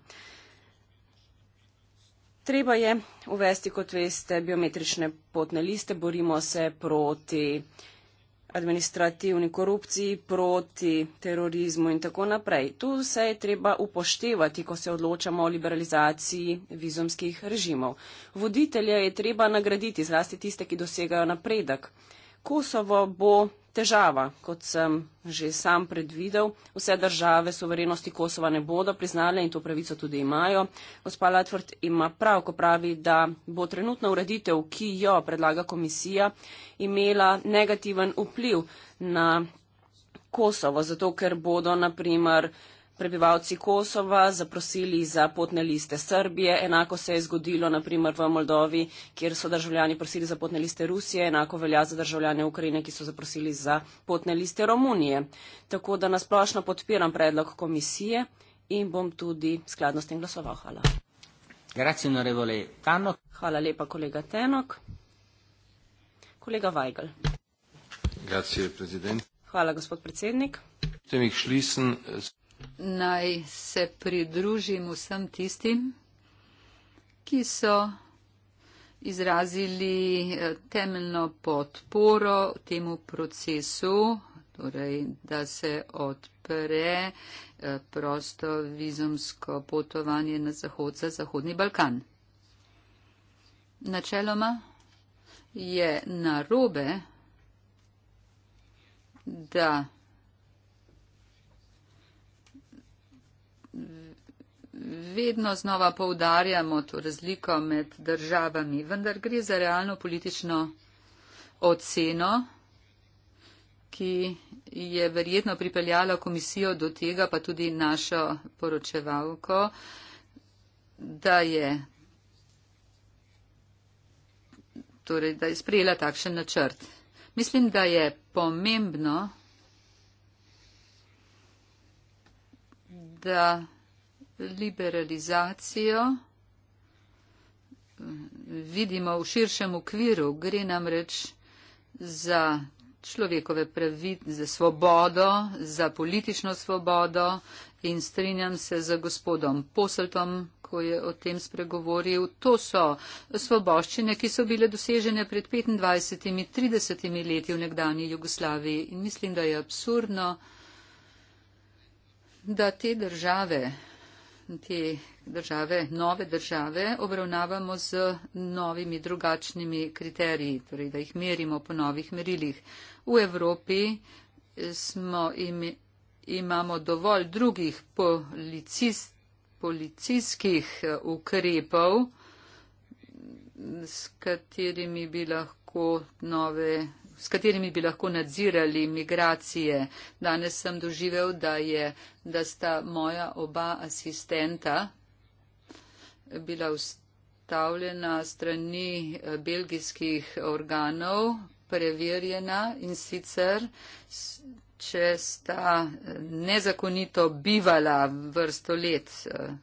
Treba je uvesti, kot veste, biometrične potne liste, borimo se proti administrativni korupciji, proti terorizmu in tako naprej. Tu se je treba upoštevati, ko se odločamo o liberalizaciji vizumskih režimov. Voditelje je treba nagraditi, zlasti tiste, ki dosegajo napredek. Kosovo bo težava. Kot sem že sam predvidel, vse države soverenosti Kosova ne bodo priznale in to pravico tudi imajo. Gospa Latvort ima prav, ko pravi, da bo trenutna ureditev, ki jo predlaga komisija, imela negativen vpliv na Kosovo, zato ker bodo naprimer prebivalci Kosova zaprosili za potne liste Srbije, enako se je zgodilo naprimer v Moldovi, kjer so državljani prosili za potne liste Rusije, enako velja za državljane Ukrajine, ki so zaprosili za potne liste Romunije. Tako da nasplošno podpiram predlog komisije in bom tudi skladno s tem glasoval. Hvala. Hvala lepa, kolega Tenok. Kolega Weigl. Hvala, gospod predsednik naj se pridružim vsem tistim, ki so izrazili eh, temeljno podporo temu procesu, torej, da se odpre eh, prosto vizumsko potovanje na zahod za Zahodni Balkan. Načeloma je narobe, da vedno znova poudarjamo to razliko med državami, vendar gre za realno politično oceno, ki je verjetno pripeljala komisijo do tega, pa tudi našo poročevalko, da je, torej, da je sprejela takšen načrt. Mislim, da je pomembno, da liberalizacijo. Vidimo v širšem okviru, gre namreč za človekove pravice, za svobodo, za politično svobodo in strinjam se z gospodom Poseltom, ko je o tem spregovoril. To so svoboščine, ki so bile dosežene pred 25-30 leti v nekdani Jugoslaviji in mislim, da je absurdno, da te države te države, nove države obravnavamo z novimi drugačnimi kriteriji, torej da jih merimo po novih merilih. V Evropi eh, smo im, imamo dovolj drugih policis, policijskih eh, ukrepov, s katerimi bi lahko nove s katerimi bi lahko nadzirali migracije. Danes sem doživel, da, je, da sta moja oba asistenta bila ustavljena strani eh, belgijskih organov, preverjena in sicer, če sta eh, nezakonito bivala vrsto let eh,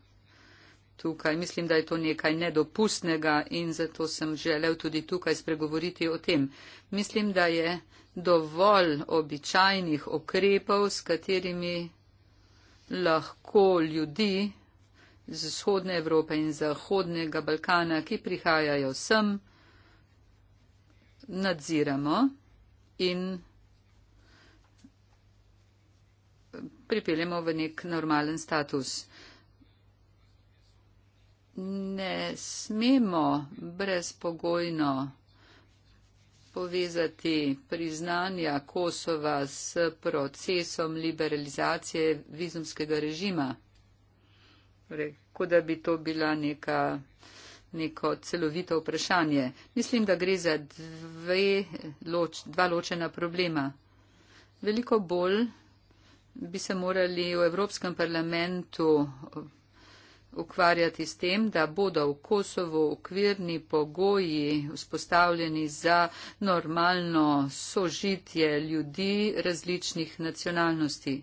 tukaj. Mislim, da je to nekaj nedopustnega in zato sem želel tudi tukaj spregovoriti o tem. Mislim, da je dovolj običajnih okrepov, s katerimi lahko ljudi z vzhodne Evrope in zahodnega Balkana, ki prihajajo sem, nadziramo in pripeljemo v nek normalen status ne smemo brezpogojno povezati priznanja Kosova s procesom liberalizacije vizumskega režima. Tako torej, da bi to bila neka, neko celovito vprašanje. Mislim, da gre za dve, loč, dva ločena problema. Veliko bolj bi se morali v Evropskem parlamentu ukvarjati s tem, da bodo v Kosovo okvirni pogoji vzpostavljeni za normalno sožitje ljudi različnih nacionalnosti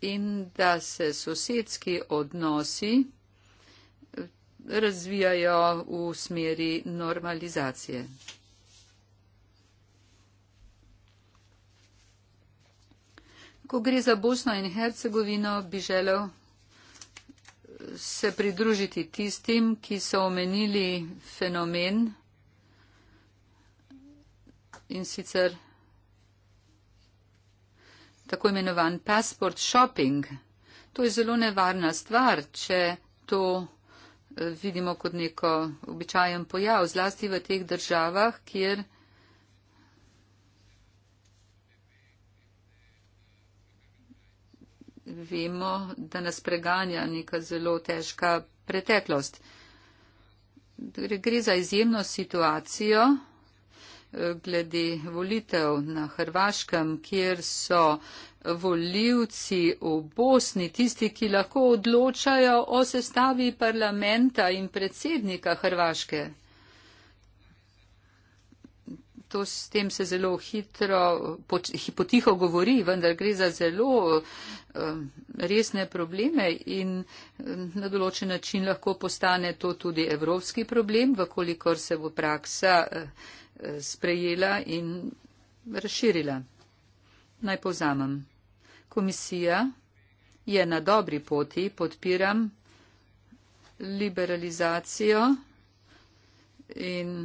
in da se sosedski odnosi razvijajo v smeri normalizacije. Ko gre za Bosno in Hercegovino, bi želel se pridružiti tistim, ki so omenili fenomen in sicer tako imenovan passport shopping. To je zelo nevarna stvar, če to eh, vidimo kot neko običajen pojav, zlasti v teh državah, kjer vemo, da nas preganja neka zelo težka preteklost. Gre za izjemno situacijo eh, glede volitev na Hrvaškem, kjer so volivci v Bosni tisti, ki lahko odločajo o sestavi parlamenta in predsednika Hrvaške to s tem se zelo hitro, hipotiho govori, vendar gre za zelo um, resne probleme in um, na določen način lahko postane to tudi evropski problem, vkolikor se bo praksa uh, uh, sprejela in razširila. Naj povzamem. Komisija je na dobri poti, podpiram liberalizacijo in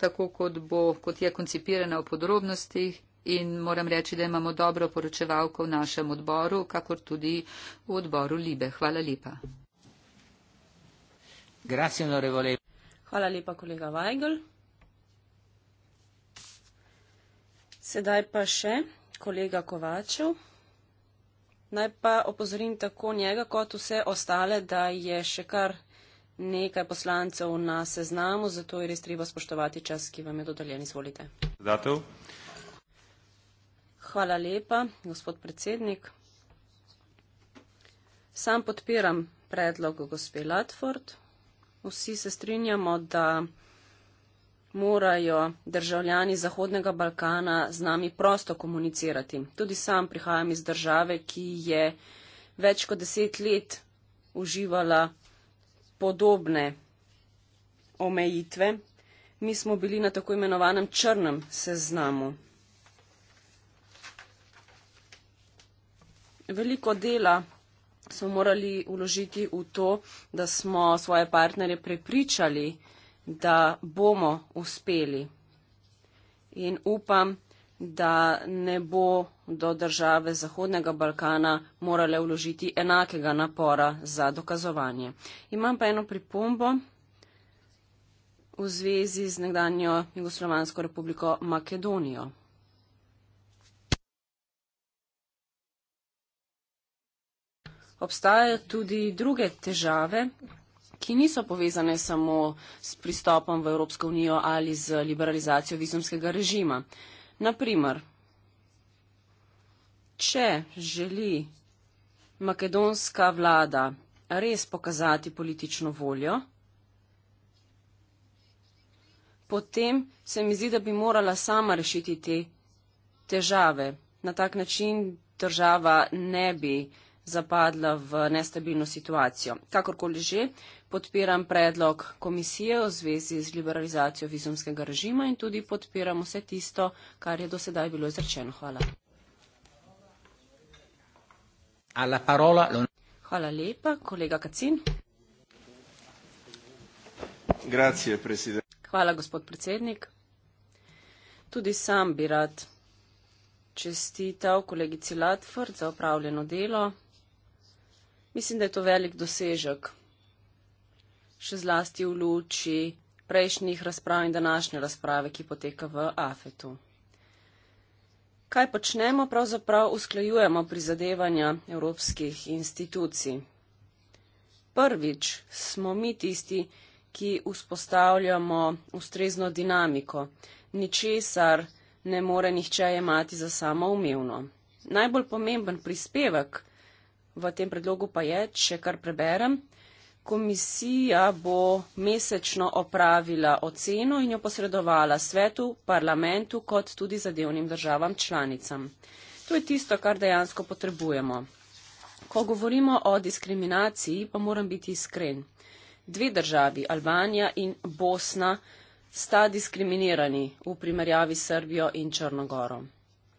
tako kot, bo, kot je koncipirana v podrobnostih in moram reči, da imamo dobro poročevalko v našem odboru, kakor tudi v odboru Libe. Hvala lepa. Hvala lepa, kolega Weigl. Sedaj pa še kolega Kovačev. Naj pa opozorim tako njega kot vse ostale, da je še kar nekaj poslancev na seznamu, zato je res treba spoštovati čas, ki vam je dodeljen. Izvolite. Zatev. Hvala lepa, gospod predsednik. Sam podpiram predlog gospe Latford. Vsi se strinjamo, da morajo državljani Zahodnega Balkana z nami prosto komunicirati. Tudi sam prihajam iz države, ki je več kot deset let uživala podobne omejitve. Mi smo bili na tako imenovanem črnem seznamu. Veliko dela smo morali uložiti v to, da smo svoje partnerje prepričali, da bomo uspeli. In upam, da ne bo do države Zahodnega Balkana morale vložiti enakega napora za dokazovanje. Imam pa eno pripombo v zvezi z nekdanjo Jugoslovansko republiko Makedonijo. Obstajajo tudi druge težave, ki niso povezane samo s pristopom v Evropsko unijo ali z liberalizacijo vizumskega režima. Na primer, če želi makedonska vlada res pokazati politično voljo, potem se mi zdi, da bi morala sama rešiti te težave. Na tak način država ne bi zapadla v nestabilno situacijo. Kakorkoli že, podpiram predlog komisije v zvezi z liberalizacijo vizumskega režima in tudi podpiram vse tisto, kar je do sedaj bilo izrečeno. Hvala. Hvala lepa. Kolega Kacin. Hvala, gospod predsednik. Tudi sam bi rad čestital kolegici Latford za opravljeno delo. Mislim, da je to velik dosežek še zlasti v luči prejšnjih razprav in današnje razprave, ki poteka v Afetu. Kaj počnemo, pravzaprav usklajujemo prizadevanja evropskih institucij. Prvič smo mi tisti, ki vzpostavljamo ustrezno dinamiko. Ničesar ne more nihče imati za samoumevno. Najbolj pomemben prispevek v tem predlogu pa je, če kar preberem, Komisija bo mesečno opravila oceno in jo posredovala svetu, parlamentu kot tudi zadevnim državam članicam. To je tisto, kar dejansko potrebujemo. Ko govorimo o diskriminaciji, pa moram biti iskren. Dve državi, Albanija in Bosna, sta diskriminirani v primerjavi s Srbijo in Črnogoro.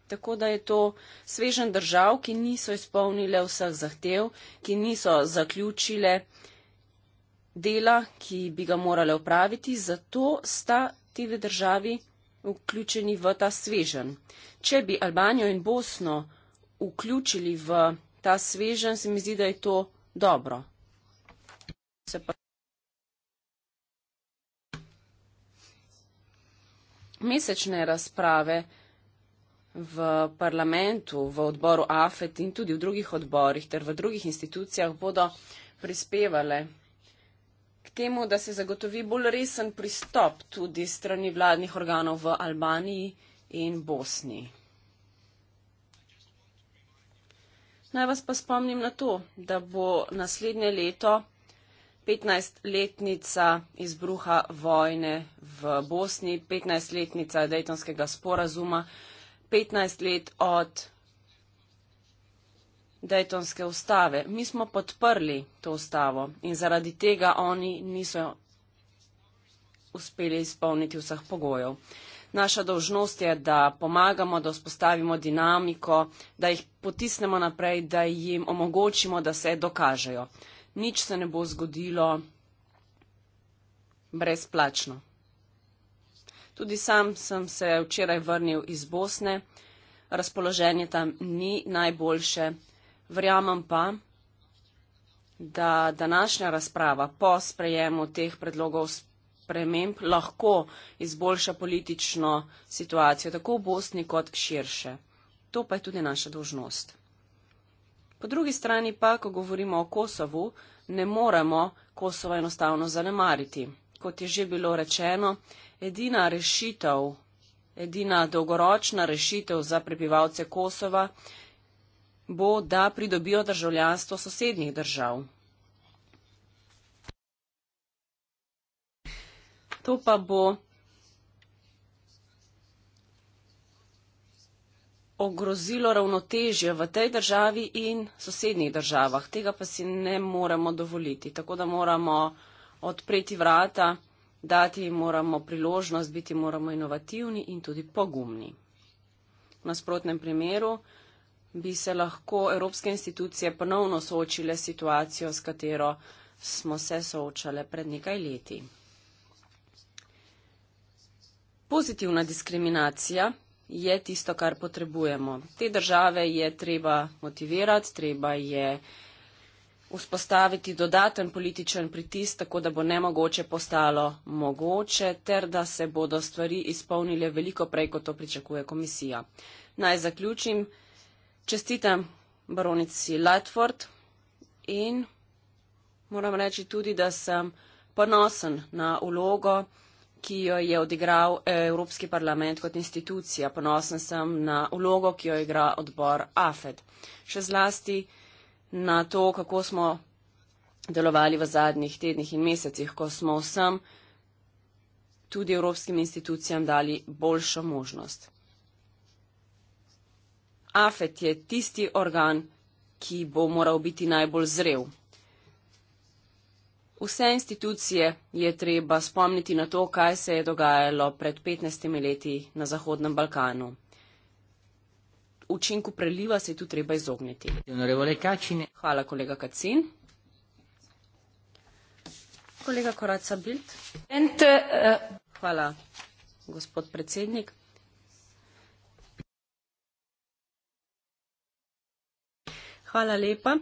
Tako da je to svežen držav, ki niso izpolnile vseh zahtev, ki niso zaključile dela, ki bi ga morale upraviti, zato sta ti dve državi vključeni v ta svežen. Če bi Albanijo in Bosno vključili v ta svežen, se mi zdi, da je to dobro. Mesečne razprave v parlamentu, v odboru AFET in tudi v drugih odborih ter v drugih institucijah bodo prispevale temu, da se zagotovi bolj resen pristop tudi strani vladnih organov v Albaniji in Bosni. Naj vas pa spomnim na to, da bo naslednje leto 15-letnica izbruha vojne v Bosni, 15-letnica Dejtonskega sporazuma, 15 let od Dejtonske ustave. Mi smo podprli to ustavo in zaradi tega oni niso uspeli izpolniti vseh pogojev. Naša dolžnost je, da pomagamo, da vzpostavimo dinamiko, da jih potisnemo naprej, da jim omogočimo, da se dokažejo. Nič se ne bo zgodilo brezplačno. Tudi sam sem se včeraj vrnil iz Bosne. Razpoloženje tam ni najboljše. Verjamem pa, da današnja razprava po sprejemu teh predlogov sprememb lahko izboljša politično situacijo tako v Bosni kot širše. To pa je tudi naša dožnost. Po drugi strani pa, ko govorimo o Kosovu, ne moremo Kosova enostavno zanemariti. Kot je že bilo rečeno, edina rešitev, edina dolgoročna rešitev za prebivalce Kosova bo, da pridobijo državljanstvo sosednjih držav. To pa bo ogrozilo ravnotežje v tej državi in sosednjih državah. Tega pa si ne moremo dovoliti. Tako da moramo odpreti vrata, dati jim moramo priložnost, biti moramo inovativni in tudi pogumni. V nasprotnem primeru bi se lahko evropske institucije ponovno soočile s situacijo, s katero smo se soočale pred nekaj leti. Pozitivna diskriminacija je tisto, kar potrebujemo. Te države je treba motivirati, treba je vzpostaviti dodaten političen pritisk, tako da bo nemogoče postalo mogoče, ter da se bodo stvari izpolnile veliko prej, kot to pričakuje komisija. Naj zaključim. Čestitam baronici Ledford in moram reči tudi, da sem ponosen na ulogo, ki jo je odigral eh, Evropski parlament kot institucija. Ponosen sem na ulogo, ki jo igra odbor AFED. Še zlasti na to, kako smo delovali v zadnjih tednih in mesecih, ko smo vsem tudi evropskim institucijam dali boljšo možnost afet je tisti organ, ki bo moral biti najbolj zrel. Vse institucije je treba spomniti na to, kaj se je dogajalo pred 15 leti na Zahodnem Balkanu. Učinku preliva se je tu treba izogniti. Hvala, kolega Kacin. Kolega Koraca Bild. Eh, Hvala, gospod predsednik. Hvala lepa.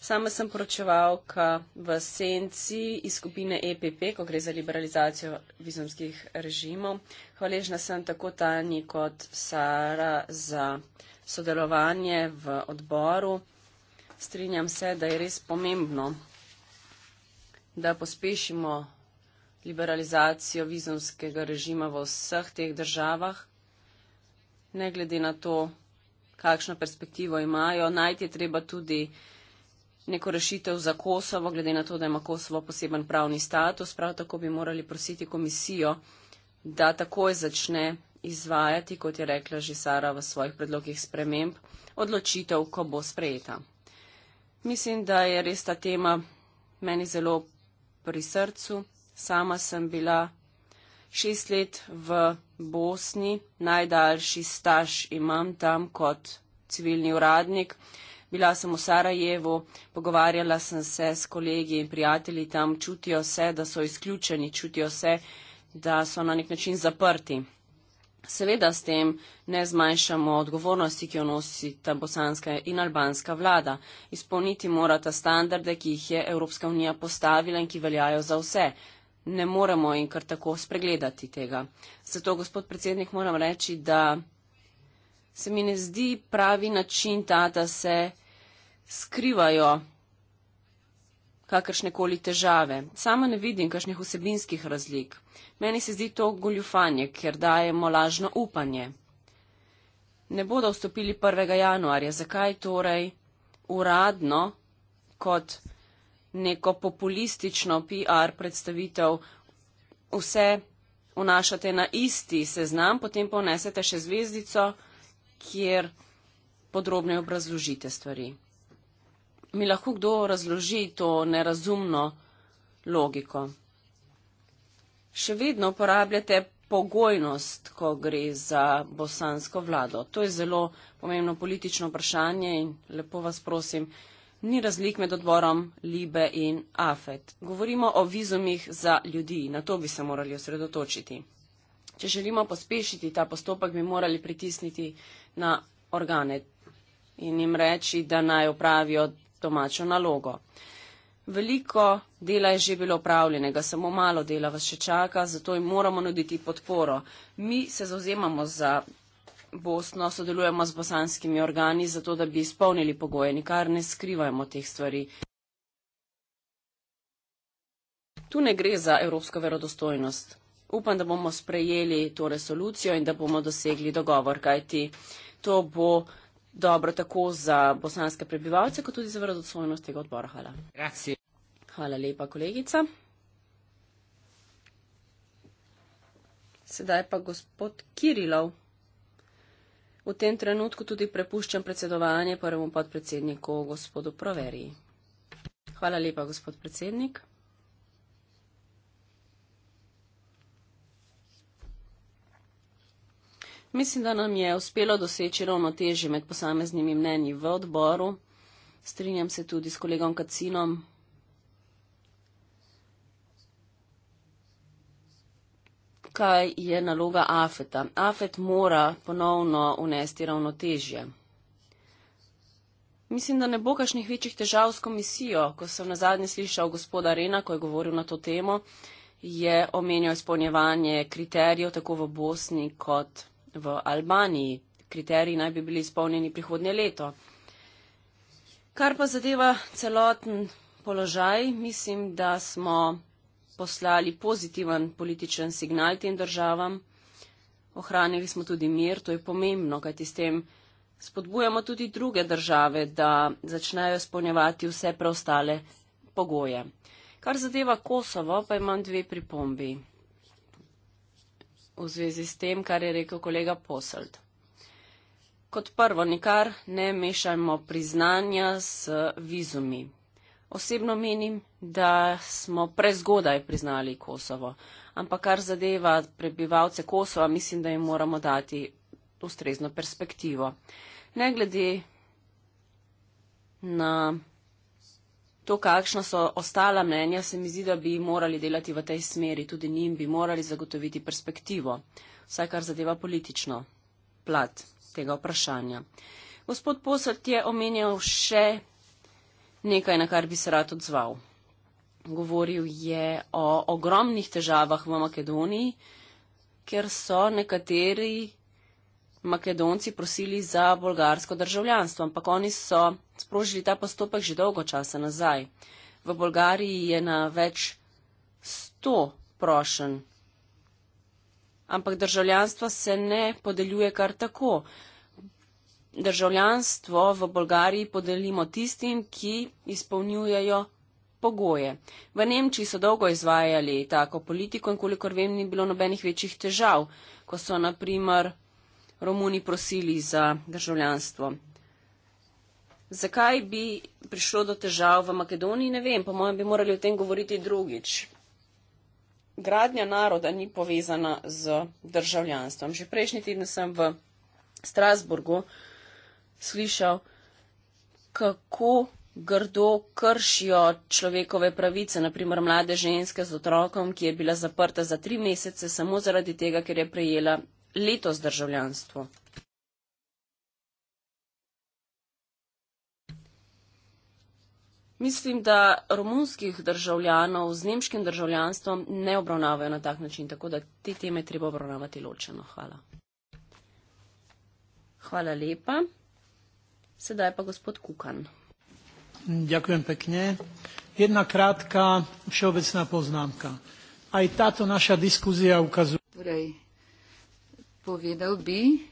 Sama sem poročevalka v senci iz skupine EPP, ko gre za liberalizacijo vizumskih režimov. Hvaležna sem tako Tanji kot Sara za sodelovanje v odboru. Strinjam se, da je res pomembno, da pospešimo liberalizacijo vizumskega režima v vseh teh državah, ne glede na to, kakšno perspektivo imajo. Najti je treba tudi neko rešitev za Kosovo, glede na to, da ima Kosovo poseben pravni status. Prav tako bi morali prositi komisijo, da takoj začne izvajati, kot je rekla že Sara v svojih predlogih sprememb, odločitev, ko bo sprejeta. Mislim, da je res ta tema meni zelo pri srcu. Sama sem bila šest let v Bosni, najdaljši staž imam tam kot civilni uradnik. Bila sem v Sarajevu, pogovarjala sem se s kolegi in prijatelji tam, čutijo se, da so izključeni, čutijo se, da so na nek način zaprti. Seveda s tem ne zmanjšamo odgovornosti, ki jo nosi ta bosanska in albanska vlada. Izpolniti morata standarde, ki jih je Evropska unija postavila in ki veljajo za vse ne moremo in kar tako spregledati tega. Zato, gospod predsednik, moram reči, da se mi ne zdi pravi način ta, da se skrivajo kakršnekoli težave. Sama ne vidim kakšnih vsebinskih razlik. Meni se zdi to goljufanje, ker dajemo lažno upanje. Ne bodo vstopili 1. januarja. Zakaj torej uradno kot neko populistično PR predstavitev vse vnašate na isti seznam, potem pa vnesete še zvezdico, kjer podrobno obrazložite stvari. Mi lahko kdo razloži to nerazumno logiko? Še vedno uporabljate pogojnost, ko gre za bosansko vlado. To je zelo pomembno politično vprašanje in lepo vas prosim, ni razlik med odborom Libe in AFET. Govorimo o vizumih za ljudi, na to bi se morali osredotočiti. Če želimo pospešiti ta postopek, bi morali pritisniti na organe in jim reči, da naj upravijo domačo nalogo. Veliko dela je že bilo upravljenega, samo malo dela vas še čaka, zato jim moramo nuditi podporo. Mi se zauzemamo za Bosno sodelujemo z bosanskimi organi, zato da bi izpolnili pogoje, nikar ne skrivajmo teh stvari. Tu ne gre za evropsko verodostojnost. Upam, da bomo sprejeli to resolucijo in da bomo dosegli dogovor, kajti to bo dobro tako za bosanske prebivalce, kot tudi za verodostojnost tega odbora. Hvala. Grazie. Hvala lepa, kolegica. Sedaj pa gospod Kirilov. V tem trenutku tudi prepuščam predsedovanje prvemu podpredsedniku, gospodu Proveri. Hvala lepa, gospod predsednik. Mislim, da nam je uspelo doseči ravnoteže med posameznimi mnenji v odboru. Strinjam se tudi s kolegom Kacinom, kaj je naloga Afeta. Afet mora ponovno unesti ravnotežje. Mislim, da ne bo kakšnih večjih težav s komisijo, ko sem na zadnji slišal gospoda Rena, ko je govoril na to temo, je omenjal izpolnjevanje kriterijev tako v Bosni kot v Albaniji. Kriteriji naj bi bili izpolnjeni prihodnje leto. Kar pa zadeva celoten položaj, mislim, da smo poslali pozitiven političen signal tem državam. Ohranili smo tudi mir, to je pomembno, kajti s tem spodbujamo tudi druge države, da začnejo spolnjevati vse preostale pogoje. Kar zadeva Kosovo, pa imam dve pripombi v zvezi s tem, kar je rekel kolega Poselt. Kot prvo, nikar ne mešajmo priznanja s vizumi. Osebno menim, da smo prezgodaj priznali Kosovo, ampak kar zadeva prebivalce Kosova, mislim, da jim moramo dati ustrezno perspektivo. Ne glede na to, kakšna so ostala mnenja, se mi zdi, da bi morali delati v tej smeri, tudi njim bi morali zagotoviti perspektivo, vsaj kar zadeva politično plat tega vprašanja. Gospod Posad je omenjal še nekaj, na kar bi se rad odzval. Govoril je o ogromnih težavah v Makedoniji, ker so nekateri Makedonci prosili za bolgarsko državljanstvo, ampak oni so sprožili ta postopek že dolgo časa nazaj. V Bolgariji je na več sto prošen, ampak državljanstvo se ne podeljuje kar tako državljanstvo v Bolgariji podelimo tistim, ki izpolnjujejo pogoje. V Nemčiji so dolgo izvajali tako politiko in kolikor vem, ni bilo nobenih večjih težav, ko so naprimer Romuni prosili za državljanstvo. Zakaj bi prišlo do težav v Makedoniji, ne vem, po mojem bi morali o tem govoriti drugič. Gradnja naroda ni povezana z državljanstvom. Že prejšnji teden sem v Strasburgu slišal, kako grdo kršijo človekove pravice, naprimer mlade ženske z otrokom, ki je bila zaprta za tri mesece samo zaradi tega, ker je prejela letos državljanstvo. Mislim, da romunskih državljanov z nemškim državljanstvom ne obravnavajo na tak način, tako da te teme treba obravnavati ločeno. Hvala. Hvala lepa. Sedaj pa gospod Kukan. Ďakujem pekne. Jedna krátka všeobecná poznámka. Aj táto naša diskuzia ukazuje... Prej, povedal by,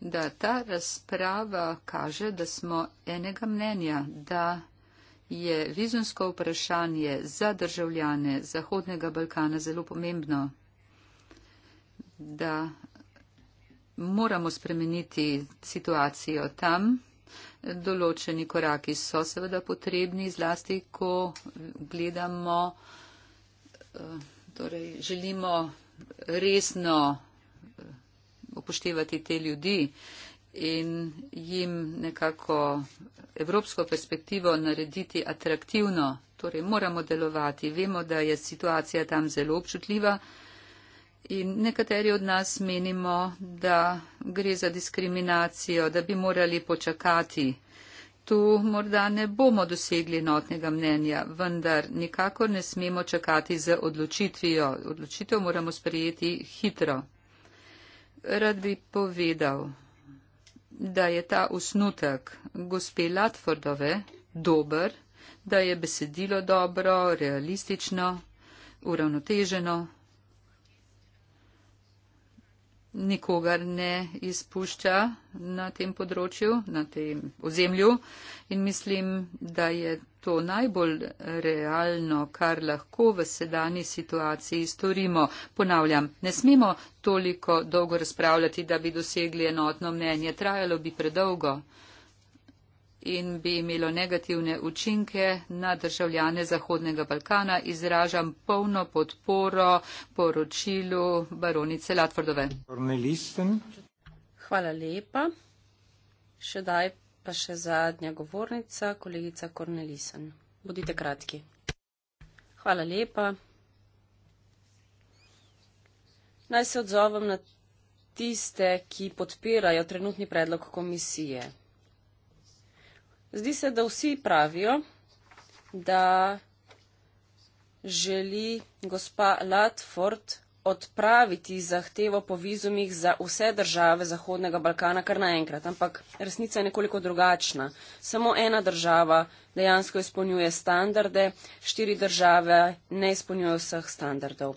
da ta razprava kaže, da smo enega mnenja, da je vizumsko vprašanje za državljane Zahodnega Balkana zelo pomembno, da moramo spremeniti situacijo tam določeni koraki so seveda potrebni, zlasti ko gledamo, eh, torej želimo resno eh, upoštevati te ljudi in jim nekako evropsko perspektivo narediti atraktivno. Torej moramo delovati, vemo, da je situacija tam zelo občutljiva. In nekateri od nas menimo, da gre za diskriminacijo, da bi morali počakati. Tu morda ne bomo dosegli notnega mnenja, vendar nikakor ne smemo čakati z odločitvijo. Odločitev moramo sprejeti hitro. Rad bi povedal, da je ta usnutek gospe Latfordove dober, da je besedilo dobro, realistično, uravnoteženo nikogar ne izpušča na tem področju, na tem ozemlju in mislim, da je to najbolj realno, kar lahko v sedani situaciji storimo. Ponavljam, ne smemo toliko dolgo razpravljati, da bi dosegli enotno mnenje, trajalo bi predolgo in bi imelo negativne učinke na državljane Zahodnega Balkana, izražam polno podporo poročilu baronice Latvordove. Hvala lepa. Še daj pa še zadnja govornica, kolegica Kornelisen. Budite kratki. Hvala lepa. Naj se odzovem na tiste, ki podpirajo trenutni predlog komisije. Zdi se, da vsi pravijo, da želi gospa Latford odpraviti zahtevo po vizumih za vse države Zahodnega Balkana kar naenkrat. Ampak resnica je nekoliko drugačna. Samo ena država dejansko izpolnjuje standarde, štiri države ne izpolnjujejo vseh standardov.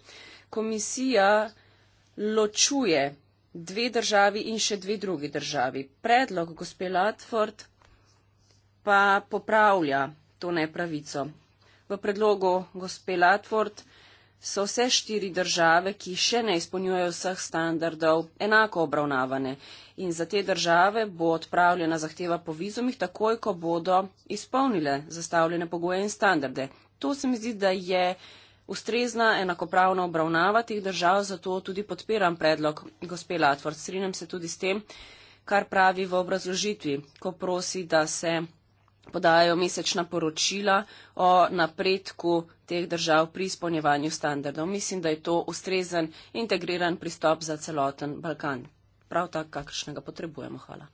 Komisija ločuje dve državi in še dve drugi državi. Predlog gospe Latford pa popravlja to nepravico. V predlogu gospe Latvort so vse štiri države, ki še ne izpolnjujejo vseh standardov, enako obravnavane in za te države bo odpravljena zahteva po vizumih takoj, ko bodo izpolnile zastavljene pogoje in standarde. To se mi zdi, da je ustrezna enakopravna obravnava teh držav, zato tudi podpiram predlog gospe Latvort. Srinjam se tudi s tem, kar pravi v obrazložitvi, ko prosi, da se podajajo mesečna poročila o napredku teh držav pri izpolnjevanju standardov. Mislim, da je to ustrezen integriran pristop za celoten Balkan. Prav tak, kakršnega potrebujemo. Hvala.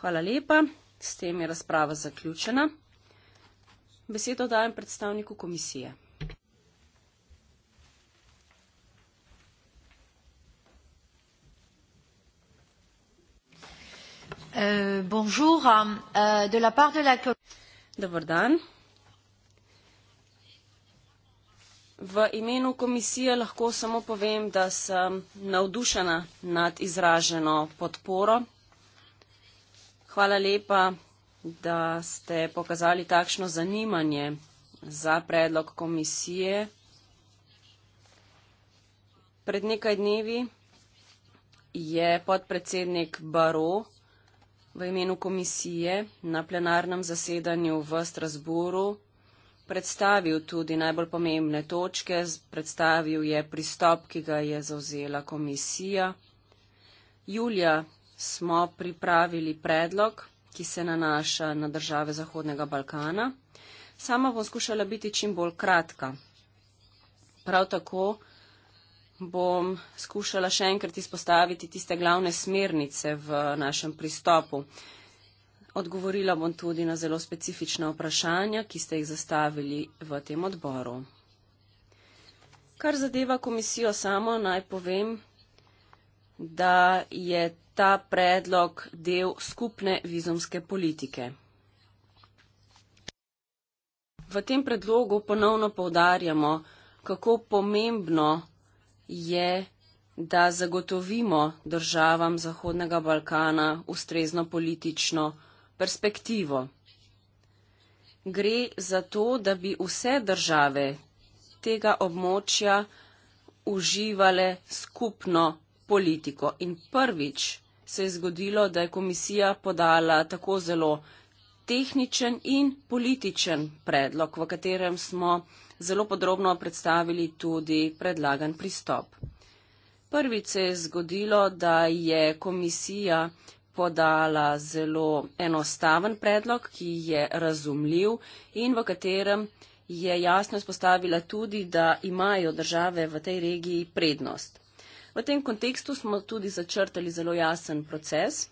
Hvala lepa. S tem je razprava zaključena. Besedo dajem predstavniku komisije. Euh, bonjour, euh, de la part de la Dobar dan. V imenu komisije lahko samo povem, da sem navdušena nad izraženo podporo. Hvala lepa, da ste pokazali takšno zanimanje za predlog komisije. Pred nekaj dnevi je podpredsednik Baro v imenu komisije na plenarnem zasedanju v Strasburu predstavil tudi najbolj pomembne točke, predstavil je pristop, ki ga je zauzela komisija. Julija smo pripravili predlog, ki se nanaša na države Zahodnega Balkana. Sama bom skušala biti čim bolj kratka. Prav tako bom skušala še enkrat izpostaviti tiste glavne smernice v našem pristopu. Odgovorila bom tudi na zelo specifična vprašanja, ki ste jih zastavili v tem odboru. Kar zadeva komisijo samo, naj povem, da je ta predlog del skupne vizumske politike. V tem predlogu ponovno povdarjamo, kako pomembno je, da zagotovimo državam Zahodnega Balkana ustrezno politično perspektivo. Gre za to, da bi vse države tega območja uživale skupno politiko. In prvič se je zgodilo, da je komisija podala tako zelo tehničen in političen predlog, v katerem smo zelo podrobno predstavili tudi predlagan pristop. Prvič se je zgodilo, da je komisija podala zelo enostaven predlog, ki je razumljiv in v katerem je jasno izpostavila tudi, da imajo države v tej regiji prednost. V tem kontekstu smo tudi začrtali zelo jasen proces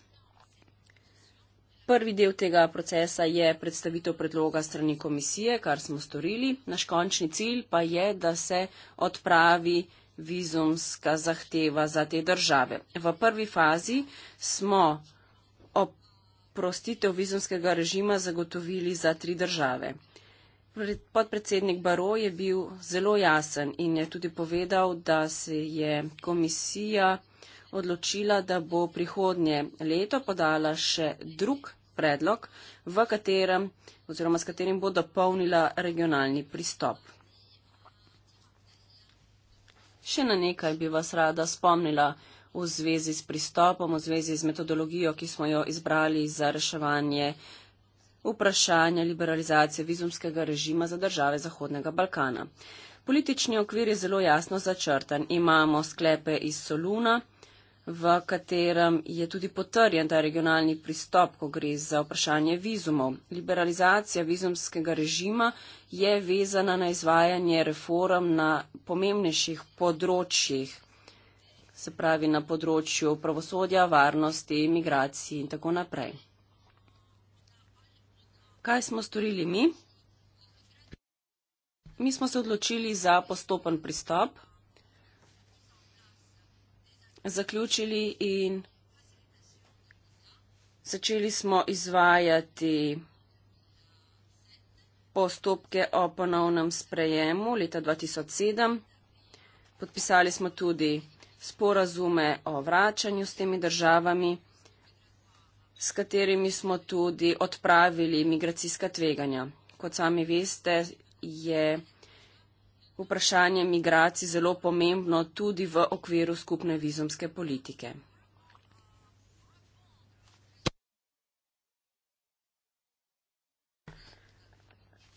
Prvi del tega procesa je predstavitev predloga strani komisije, kar smo storili. Naš končni cilj pa je, da se odpravi vizumska zahteva za te države. V prvi fazi smo oprostitev vizumskega režima zagotovili za tri države. Podpredsednik Baro je bil zelo jasen in je tudi povedal, da se je komisija odločila, da bo prihodnje leto podala še drug predlog, v katerem oziroma s katerim bo dopolnila regionalni pristop. Še na nekaj bi vas rada spomnila v zvezi s pristopom, v zvezi z metodologijo, ki smo jo izbrali za reševanje vprašanja liberalizacije vizumskega režima za države Zahodnega Balkana. Politični okvir je zelo jasno začrtan. Imamo sklepe iz Soluna, v katerem je tudi potrjen ta regionalni pristop, ko gre za vprašanje vizumov. Liberalizacija vizumskega režima je vezana na izvajanje reform na pomembnejših področjih, se pravi na področju pravosodja, varnosti, imigracij in tako naprej. Kaj smo storili mi? Mi smo se odločili za postopen pristop zaključili in začeli smo izvajati postopke o ponovnem sprejemu leta 2007. Podpisali smo tudi sporazume o vračanju s temi državami, s katerimi smo tudi odpravili migracijska tveganja. Kot sami veste, je vprašanje migracij zelo pomembno tudi v okviru skupne vizumske politike.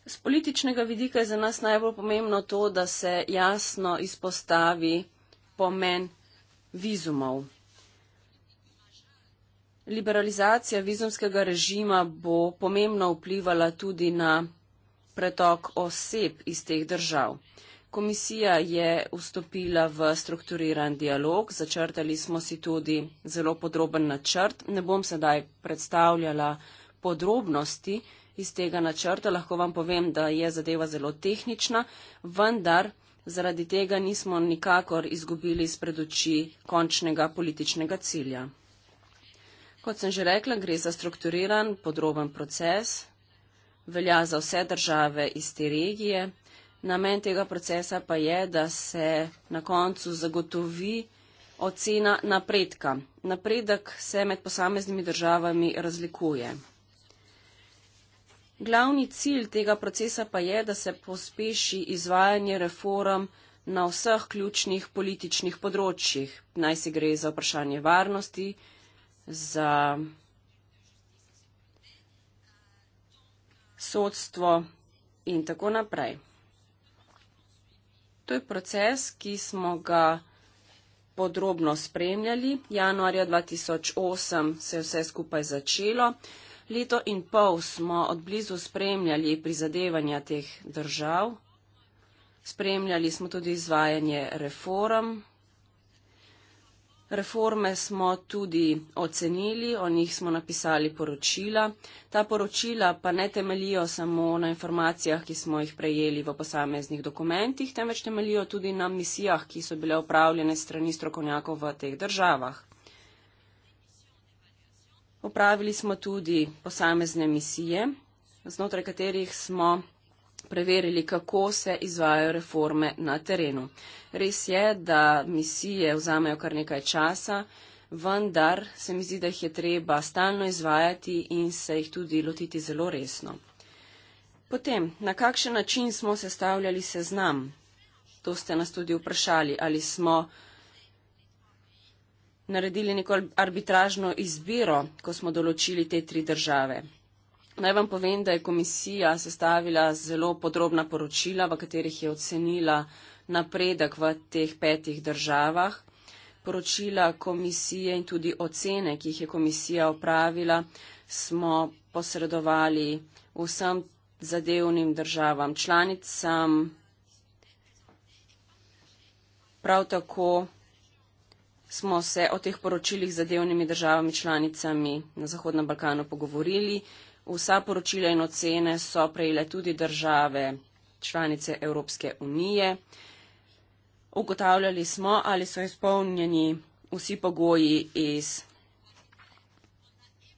Z političnega vidika je za nas najbolj pomembno to, da se jasno izpostavi pomen vizumov. Liberalizacija vizumskega režima bo pomembno vplivala tudi na pretok oseb iz teh držav. Komisija je vstopila v strukturiran dialog, začrtali smo si tudi zelo podroben načrt. Ne bom sedaj predstavljala podrobnosti iz tega načrta, lahko vam povem, da je zadeva zelo tehnična, vendar zaradi tega nismo nikakor izgubili spred oči končnega političnega cilja. Kot sem že rekla, gre za strukturiran, podroben proces, velja za vse države iz te regije. Namen tega procesa pa je, da se na koncu zagotovi ocena napredka. Napredek se med posameznimi državami razlikuje. Glavni cilj tega procesa pa je, da se pospeši izvajanje reform na vseh ključnih političnih področjih. Naj si gre za vprašanje varnosti, za sodstvo in tako naprej. To je proces, ki smo ga podrobno spremljali. Januarja 2008 se je vse skupaj začelo. Leto in pol smo odblizu spremljali prizadevanja teh držav. Spremljali smo tudi izvajanje reform Reforme smo tudi ocenili, o njih smo napisali poročila. Ta poročila pa ne temelijo samo na informacijah, ki smo jih prejeli v posameznih dokumentih, temveč temelijo tudi na misijah, ki so bile upravljene strani strokovnjakov v teh državah. Opravili smo tudi posamezne misije, znotraj katerih smo preverili, kako se izvajajo reforme na terenu. Res je, da misije vzamejo kar nekaj časa, vendar se mi zdi, da jih je treba stalno izvajati in se jih tudi lotiti zelo resno. Potem, na kakšen način smo sestavljali seznam? To ste nas tudi vprašali, ali smo naredili neko arbitražno izbiro, ko smo določili te tri države. Naj vam povem, da je komisija sestavila zelo podrobna poročila, v katerih je ocenila napredek v teh petih državah. Poročila komisije in tudi ocene, ki jih je komisija opravila, smo posredovali vsem zadevnim državam članicam. Prav tako smo se o teh poročilih zadevnimi državami članicami na Zahodnem Balkanu pogovorili. Vsa poročila in ocene so prejele tudi države članice Evropske unije. Ugotavljali smo, ali so izpolnjeni vsi pogoji iz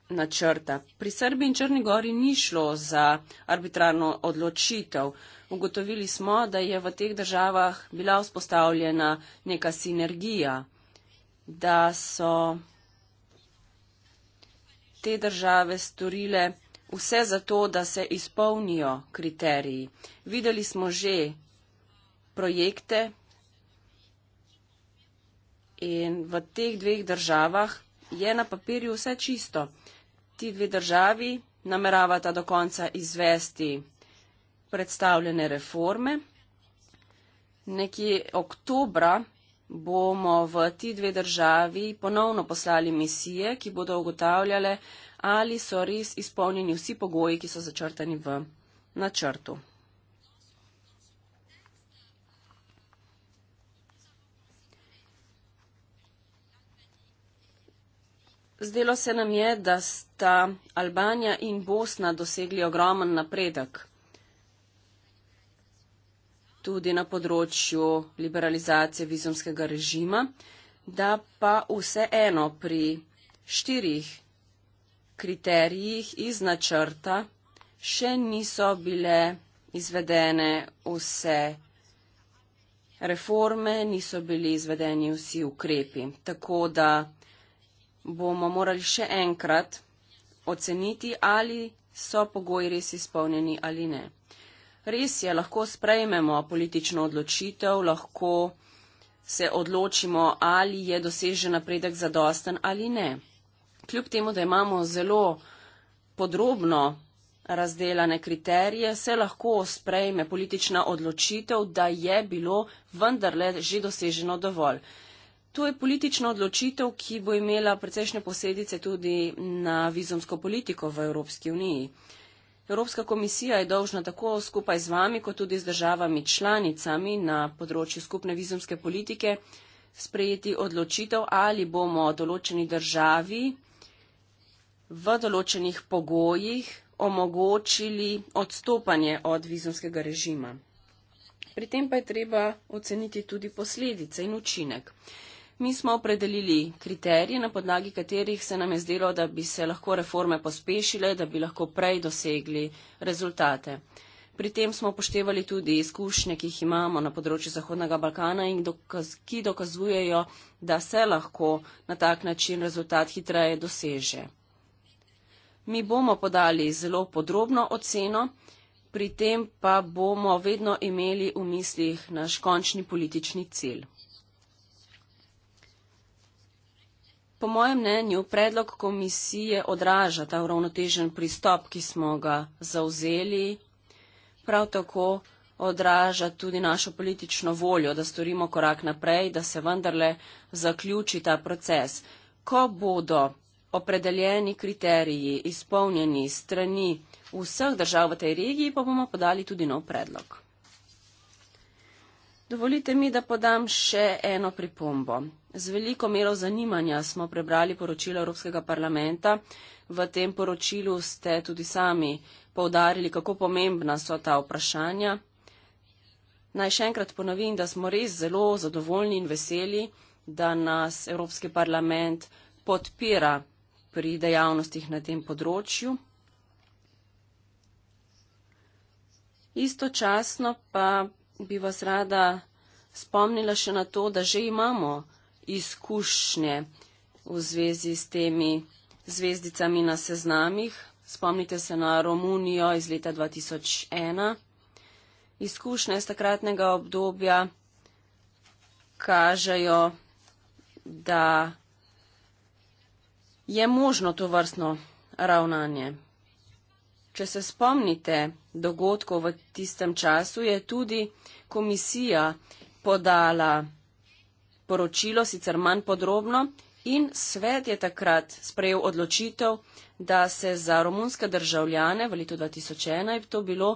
načrta. Pri Srbiji in Črni gori ni šlo za arbitrarno odločitev. Ugotovili smo, da je v teh državah bila vzpostavljena neka sinergija, da so te države storile vse zato, da se izpolnijo kriteriji. Videli smo že projekte in v teh dveh državah je na papirju vse čisto. Ti dve državi nameravata do konca izvesti predstavljene reforme. Nekje oktobra bomo v ti dve državi ponovno poslali misije, ki bodo ugotavljale, ali so res izpolnjeni vsi pogoji, ki so začrtani v načrtu. Zdelo se nam je, da sta Albanija in Bosna dosegli ogromen napredek tudi na področju liberalizacije vizumskega režima, da pa vseeno pri štirih kriterijih iz načrta še niso bile izvedene vse reforme, niso bili izvedeni vsi ukrepi. Tako da bomo morali še enkrat oceniti, ali so pogoji res izpolnjeni ali ne. Res je, lahko sprejmemo politično odločitev, lahko se odločimo, ali je dosežen napredek zadosten ali ne kljub temu, da imamo zelo podrobno razdelane kriterije, se lahko sprejme politična odločitev, da je bilo vendarle že doseženo dovolj. To je politična odločitev, ki bo imela precejšnje posledice tudi na vizumsko politiko v Evropski uniji. Evropska komisija je dolžna tako skupaj z vami, kot tudi z državami članicami na področju skupne vizumske politike sprejeti odločitev, ali bomo določeni državi v določenih pogojih omogočili odstopanje od vizumskega režima. Pri tem pa je treba oceniti tudi posledice in učinek. Mi smo opredelili kriterije, na podlagi katerih se nam je zdelo, da bi se lahko reforme pospešile, da bi lahko prej dosegli rezultate. Pri tem smo upoštevali tudi izkušnje, ki jih imamo na področju Zahodnega Balkana in dokaz, ki dokazujejo, da se lahko na tak način rezultat hitreje doseže. Mi bomo podali zelo podrobno oceno, pri tem pa bomo vedno imeli v mislih naš končni politični cilj. Po mojem mnenju predlog komisije odraža ta uravnotežen pristop, ki smo ga zauzeli, prav tako odraža tudi našo politično voljo, da storimo korak naprej, da se vendarle zaključi ta proces. Ko bodo opredeljeni kriteriji izpolnjeni strani vseh držav v tej regiji, pa bomo podali tudi nov predlog. Dovolite mi, da podam še eno pripombo. Z veliko mero zanimanja smo prebrali poročilo Evropskega parlamenta. V tem poročilu ste tudi sami povdarili, kako pomembna so ta vprašanja. Naj še enkrat ponovim, da smo res zelo zadovoljni in veseli, da nas Evropski parlament podpira pri dejavnostih na tem področju. Istočasno pa bi vas rada spomnila še na to, da že imamo izkušnje v zvezi s temi zvezdicami na seznamih. Spomnite se na Romunijo iz leta 2001. Izkušnje iz takratnega obdobja kažejo, da je možno to vrstno ravnanje. Če se spomnite dogodkov v tistem času, je tudi komisija podala poročilo, sicer manj podrobno, in svet je takrat sprejel odločitev, da se za romunske državljane v letu 2001 je to bilo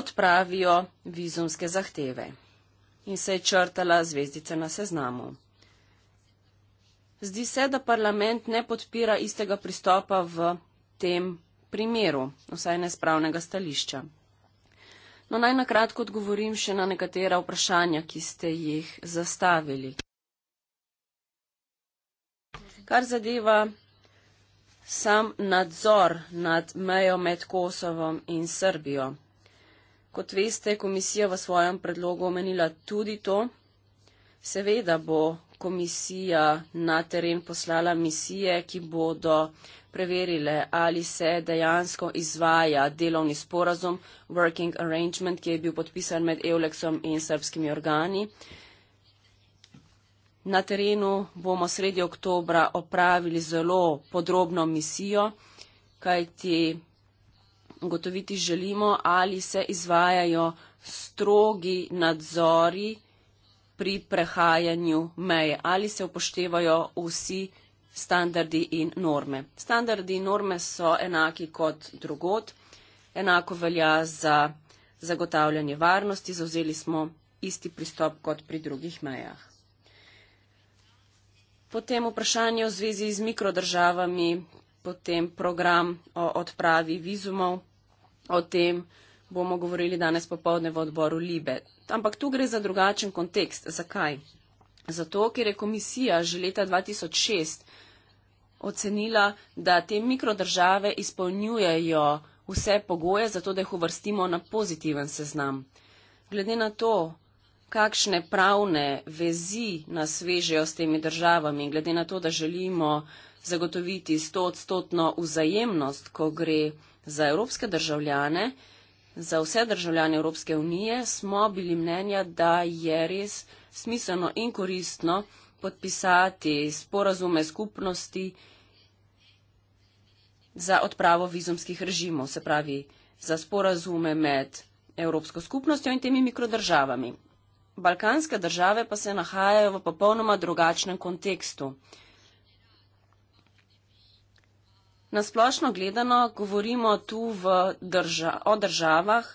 odpravijo vizumske zahteve in se je črtala zvezdica na seznamu. Zdi se, da parlament ne podpira istega pristopa v tem primeru, vsaj ne spravnega stališča. No, naj nakratko odgovorim še na nekatera vprašanja, ki ste jih zastavili. Kar zadeva sam nadzor nad mejo med Kosovom in Srbijo. Kot veste, komisija v svojem predlogu omenila tudi to. Seveda bo komisija na teren poslala misije, ki bodo preverile, ali se dejansko izvaja delovni sporazum, working arrangement, ki je bil podpisan med Euleksom in srpskimi organi. Na terenu bomo sredi oktobra opravili zelo podrobno misijo, kajti ugotoviti želimo, ali se izvajajo strogi nadzori, pri prehajanju meje, ali se upoštevajo vsi standardi in norme. Standardi in norme so enaki kot drugot, enako velja za zagotavljanje varnosti, zauzeli smo isti pristop kot pri drugih mejah. Potem vprašanje v zvezi z mikrodržavami, potem program o odpravi vizumov, o tem, bomo govorili danes popovdne v odboru Libe. Ampak tu gre za drugačen kontekst. Zakaj? Zato, ker je komisija že leta 2006 ocenila, da te mikrodržave izpolnjujejo vse pogoje, zato da jih uvrstimo na pozitiven seznam. Glede na to, kakšne pravne vezi nas vežejo s temi državami, glede na to, da želimo zagotoviti stotstotno vzajemnost, ko gre za evropske državljane, za vse državljane Evropske unije smo bili mnenja, da je res smiselno in koristno podpisati sporazume skupnosti za odpravo vizumskih režimov, se pravi za sporazume med Evropsko skupnostjo in temi mikrodržavami. Balkanske države pa se nahajajo v popolnoma drugačnem kontekstu. Nasplošno gledano govorimo tu drža o državah,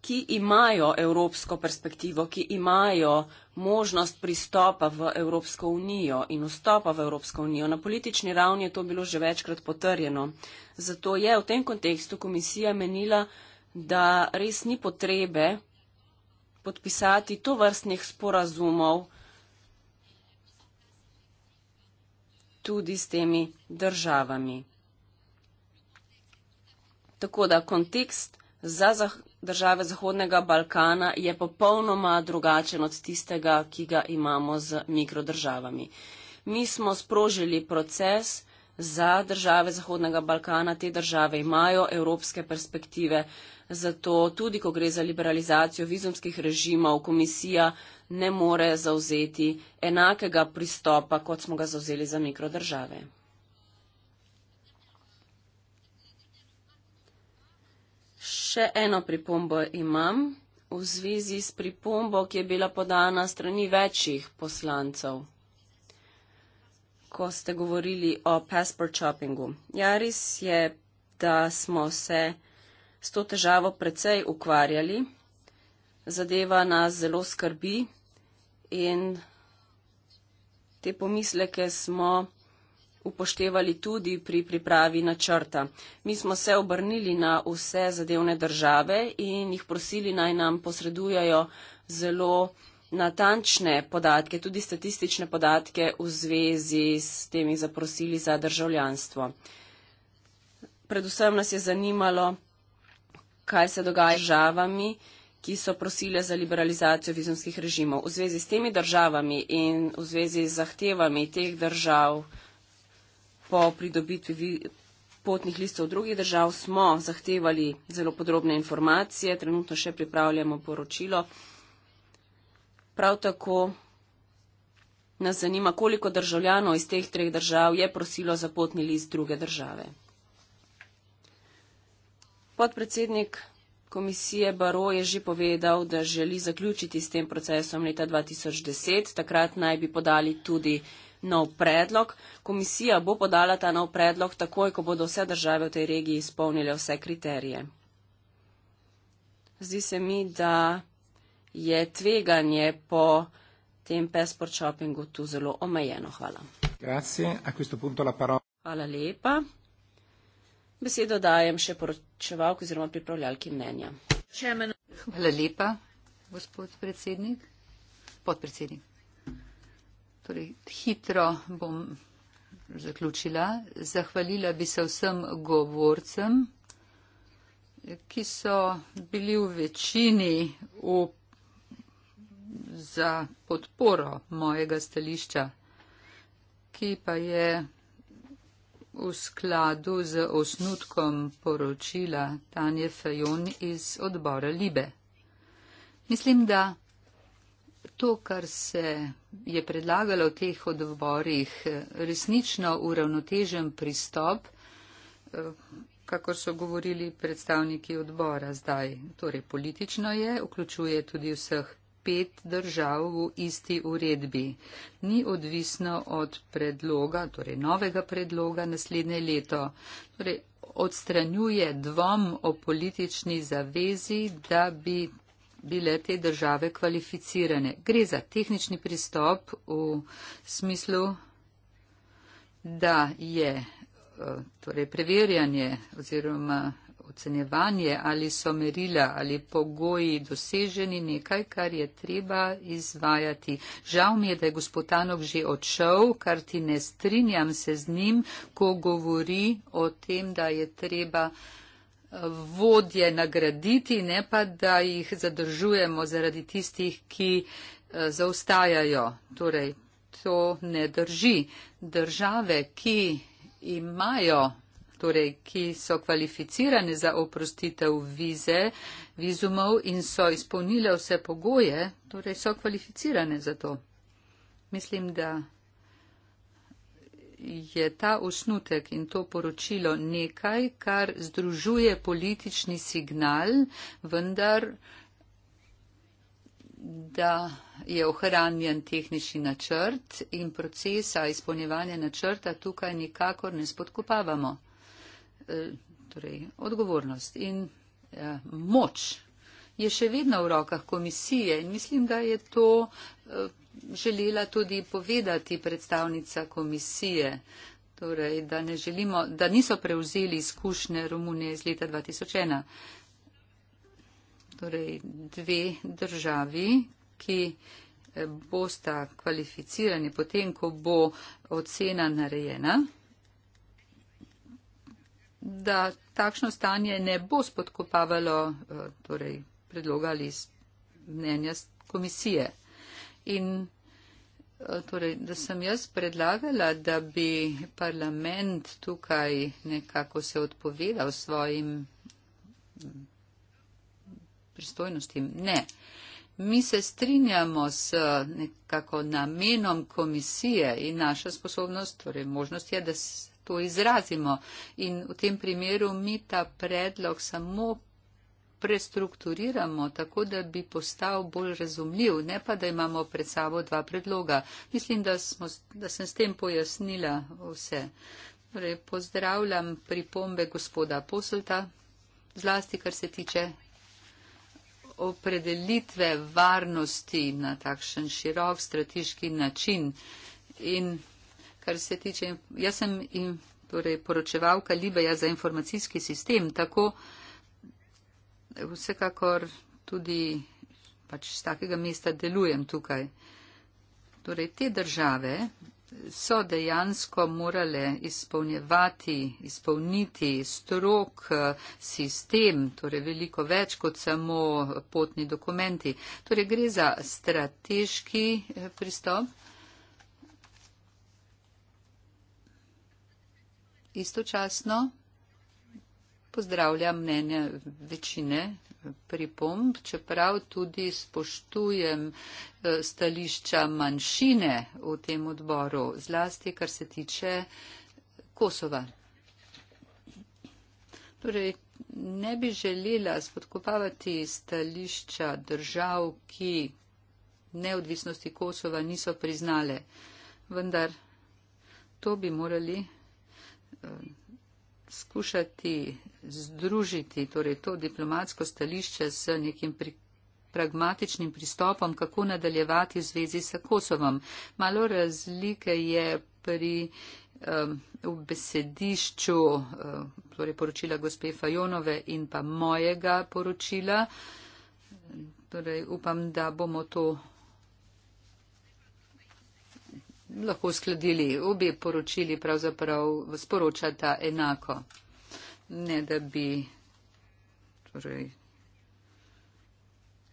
ki imajo evropsko perspektivo, ki imajo možnost pristopa v Evropsko unijo in vstopa v Evropsko unijo. Na politični ravni je to bilo že večkrat potrjeno. Zato je v tem kontekstu komisija menila, da res ni potrebe podpisati to vrstnih sporazumov tudi s temi državami. Tako da kontekst za zah države Zahodnega Balkana je popolnoma drugačen od tistega, ki ga imamo z mikrodržavami. Mi smo sprožili proces za države Zahodnega Balkana, te države imajo evropske perspektive, zato tudi, ko gre za liberalizacijo vizumskih režimov, komisija ne more zauzeti enakega pristopa, kot smo ga zauzeli za mikrodržave. še eno pripombo imam v zvezi s pripombo, ki je bila podana strani večjih poslancev, ko ste govorili o passport shoppingu. Ja, res je, da smo se s to težavo precej ukvarjali. Zadeva nas zelo skrbi in te pomisleke smo upoštevali tudi pri pripravi načrta. Mi smo se obrnili na vse zadevne države in jih prosili naj nam posredujajo zelo natančne podatke, tudi statistične podatke v zvezi s temi zaprosili za državljanstvo. Predvsem nas je zanimalo, kaj se dogaja z državami, ki so prosile za liberalizacijo vizumskih režimov. V zvezi s temi državami in v zvezi z zahtevami teh držav, po pridobitvi potnih listov drugih držav smo zahtevali zelo podrobne informacije, trenutno še pripravljamo poročilo. Prav tako nas zanima, koliko državljanov iz teh treh držav je prosilo za potni list druge države. Podpredsednik komisije Baro je že povedal, da želi zaključiti s tem procesom leta 2010. Takrat naj bi podali tudi nov predlog. Komisija bo podala ta nov predlog takoj, ko bodo vse države v tej regiji izpolnile vse kriterije. Zdi se mi, da je tveganje po tem passport shoppingu tu zelo omejeno. Hvala. Hvala lepa. Besedo dajem še poročevalki oziroma pripravljalki mnenja. Hvala lepa, gospod predsednik. Podpredsednik. Torej, hitro bom zaključila. Zahvalila bi se vsem govorcem, ki so bili v večini v, za podporo mojega stališča, ki pa je v skladu z osnutkom poročila Tanje Fajon iz odbora Libe. Mislim, da to, kar se je predlagalo v teh odborih, resnično uravnotežen pristop, eh, kako so govorili predstavniki odbora zdaj, torej politično je, vključuje tudi vseh pet držav v isti uredbi. Ni odvisno od predloga, torej novega predloga naslednje leto. Torej, odstranjuje dvom o politični zavezi, da bi bile te države kvalificirane. Gre za tehnični pristop v smislu, da je eh, torej preverjanje oziroma ocenjevanje, ali so merila ali pogoji doseženi nekaj, kar je treba izvajati. Žal mi je, da je gospod Tanok že odšel, kar ti ne strinjam se z njim, ko govori o tem, da je treba vodje nagraditi, ne pa da jih zadržujemo zaradi tistih, ki eh, zaustajajo. Torej, to ne drži. Države, ki imajo, torej, ki so kvalificirane za oprostitev vize, vizumov in so izpolnile vse pogoje, torej so kvalificirane za to. Mislim, da je ta osnutek in to poročilo nekaj, kar združuje politični signal, vendar da je ohranjen tehnični načrt in procesa izpolnjevanja načrta tukaj nikakor ne spodkopavamo. E, torej, odgovornost in e, moč je še vedno v rokah komisije in mislim, da je to e, želela tudi povedati predstavnica komisije. Torej, da, želimo, da niso prevzeli izkušnje Romunije iz leta 2001. Torej, dve državi, ki eh, bosta kvalificirani potem, ko bo ocena narejena, da takšno stanje ne bo spodkopavalo eh, torej, predloga ali mnenja komisije in eh, torej, da sem jaz predlagala, da bi parlament tukaj nekako se odpovedal svojim mm, pristojnostim. Ne. Mi se strinjamo s eh, nekako namenom komisije in naša sposobnost, torej možnost je, da to izrazimo. In v tem primeru mi ta predlog samo prestrukturiramo, tako da bi postal bolj razumljiv, ne pa da imamo pred sabo dva predloga. Mislim, da, smo, da sem s tem pojasnila vse. Torej, pozdravljam pripombe gospoda Poselta, zlasti kar se tiče opredelitve varnosti na takšen širok strateški način. In kar se tiče, jaz sem in, torej, poročevalka Libeja za informacijski sistem, tako vsekakor tudi pač z takega mesta delujem tukaj. Torej, te države so dejansko morale izpolnjevati, izpolniti strok eh, sistem, torej veliko več kot samo potni dokumenti. Torej, gre za strateški eh, pristop. Istočasno pozdravlja mnenja večine pripomb, čeprav tudi spoštujem eh, stališča manjšine v tem odboru, zlasti kar se tiče Kosova. Torej, ne bi želela spodkopavati stališča držav, ki neodvisnosti Kosova niso priznale, vendar to bi morali eh, skušati združiti torej to diplomatsko stališče z nekim pri, pragmatičnim pristopom, kako nadaljevati v zvezi s Kosovom. Malo razlike je pri v besedišču torej poročila gospe Fajonove in pa mojega poročila. Torej, upam, da bomo to lahko skladili. Obe poročili pravzaprav sporočata enako. Ne da bi torej,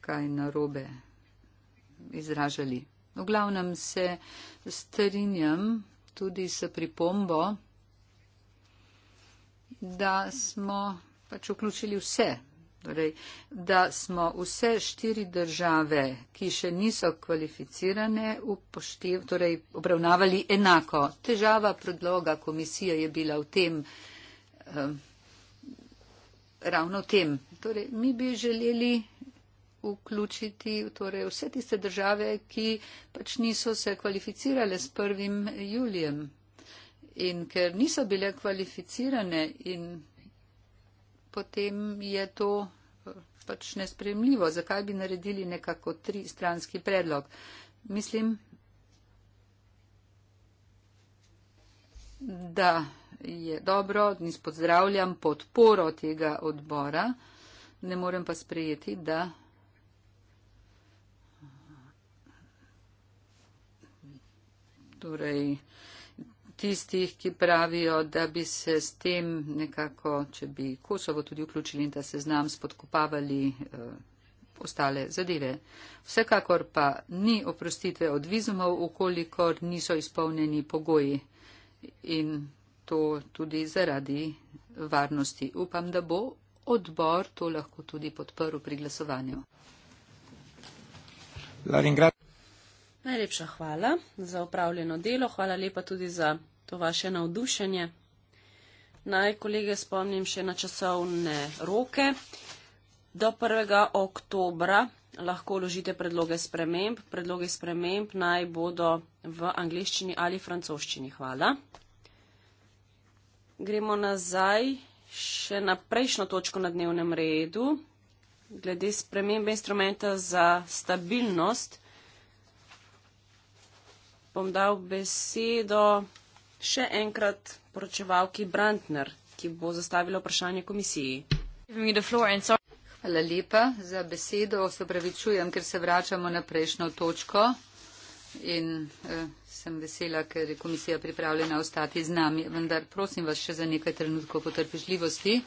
kaj narobe izražali. V glavnem se strinjam tudi s pripombo, da smo pač vključili vse torej, da smo vse štiri države, ki še niso kvalificirane, upoštev, torej, obravnavali enako. Težava predloga komisije je bila v tem, eh, ravno v tem. Torej, mi bi želeli vključiti torej, vse tiste države, ki pač niso se kvalificirale s 1. julijem. In ker niso bile kvalificirane in potem je to eh, pač nespremljivo. Zakaj bi naredili nekako tri stranski predlog? Mislim, da je dobro, da nis pozdravljam podporo tega odbora, ne morem pa sprejeti, da torej, tistih, ki pravijo, da bi se s tem nekako, če bi Kosovo tudi vključili in da se znam spodkopavali uh, ostale zadeve. Vsekakor pa ni oprostitve od vizumov, ukolikor niso izpolnjeni pogoji in to tudi zaradi varnosti. Upam, da bo odbor to lahko tudi podprl pri glasovanju. La ringra... Najlepša hvala za upravljeno delo, hvala lepa tudi za to vaše navdušenje. Naj kolege spomnim še na časovne roke. Do 1. oktobra lahko ložite predloge sprememb. Predloge sprememb naj bodo v angliščini ali francoščini. Hvala. Gremo nazaj še na prejšnjo točko na dnevnem redu. Glede spremembe instrumenta za stabilnost bom dal besedo še enkrat poročevalki Brantner, ki bo zastavila vprašanje komisiji. Hvala lepa za besedo. Se pravičujem, ker se vračamo na prejšnjo točko in eh, sem vesela, ker je komisija pripravljena ostati z nami. Vendar prosim vas še za nekaj trenutkov potrpežljivosti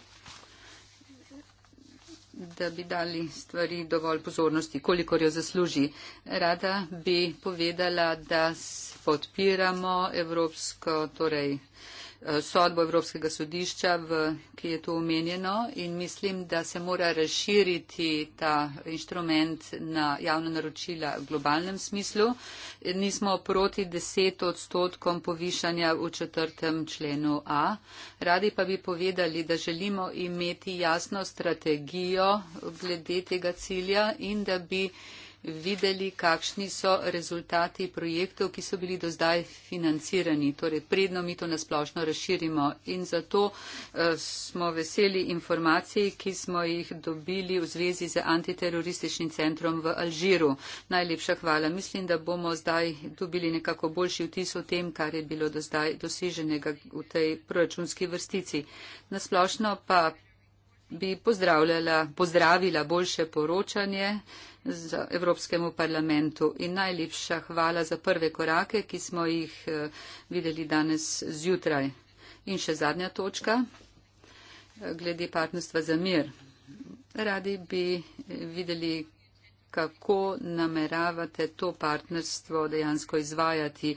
da bi dali stvari dovolj pozornosti, kolikor jo zasluži. Rada bi povedala, da podpiramo evropsko, torej. Eh, sodbo Evropskega sodišča, v, ki je to omenjeno in mislim, da se mora razširiti ta inštrument na javna naročila v globalnem smislu. Nismo proti deset odstotkom povišanja v četrtem členu A. Radi pa bi povedali, da želimo imeti jasno strategijo glede tega cilja in da bi videli, kakšni so rezultati projektov, ki so bili do zdaj financirani. Torej, predno mi to nasplošno razširimo in zato eh, smo veseli informacij, ki smo jih dobili v zvezi z antiterorističnim centrom v Alžiru. Najlepša hvala. Mislim, da bomo zdaj dobili nekako boljši vtis o tem, kar je bilo do zdaj doseženega v tej proračunski vrstici. Nasplošno pa bi pozdravila boljše poročanje za Evropskemu parlamentu. In najlepša hvala za prve korake, ki smo jih eh, videli danes zjutraj. In še zadnja točka eh, glede partnerstva za mir. Radi bi eh, videli, kako nameravate to partnerstvo dejansko izvajati,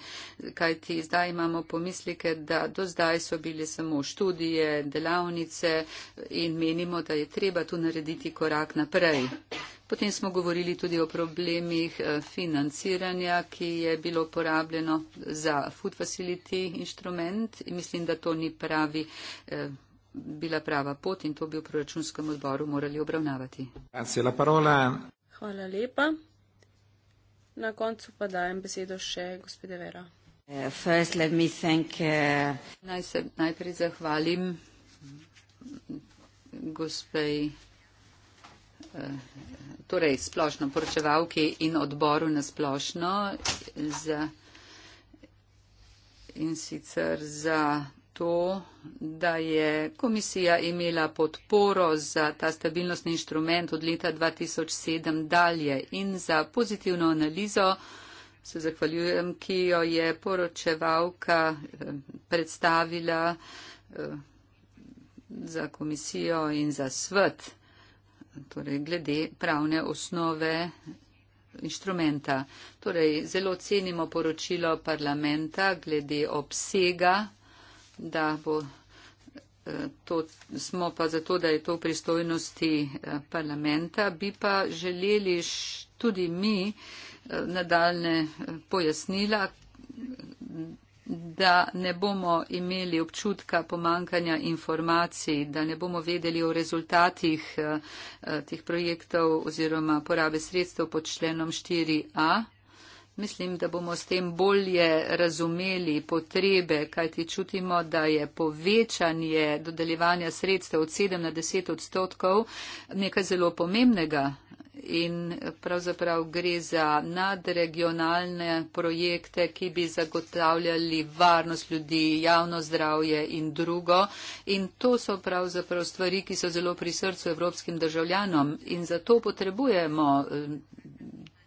kajti zdaj imamo pomislike, da do zdaj so bile samo študije, delavnice in menimo, da je treba tu narediti korak naprej. Potem smo govorili tudi o problemih eh, financiranja, ki je bilo porabljeno za Food Facility inštrument. Mislim, da to ni pravi, eh, bila prava pot in to bi v proračunskem odboru morali obravnavati. Hvala lepa. Na koncu pa dajem besedo še gospode Vera. Uh, first, think, uh... Naj se najprej zahvalim gospej torej splošno poročevalki in odboru na splošno za, in sicer za to, da je komisija imela podporo za ta stabilnostni inštrument od leta 2007 dalje in za pozitivno analizo, se zahvaljujem, ki jo je poročevalka eh, predstavila eh, za komisijo in za svet torej glede pravne osnove inštrumenta. Torej, zelo cenimo poročilo parlamenta glede obsega, da bo. Eh, to smo pa zato, da je to v pristojnosti eh, parlamenta. Bi pa želeli tudi mi eh, nadaljne pojasnila, da ne bomo imeli občutka pomankanja informacij, da ne bomo vedeli o rezultatih eh, eh, teh projektov oziroma porabe sredstev pod členom 4a. Mislim, da bomo s tem bolje razumeli potrebe, kajti čutimo, da je povečanje dodeljevanja sredstev od 7 na 10 odstotkov nekaj zelo pomembnega in pravzaprav gre za nadregionalne projekte, ki bi zagotavljali varnost ljudi, javno zdravje in drugo. In to so pravzaprav stvari, ki so zelo pri srcu evropskim državljanom in zato potrebujemo eh,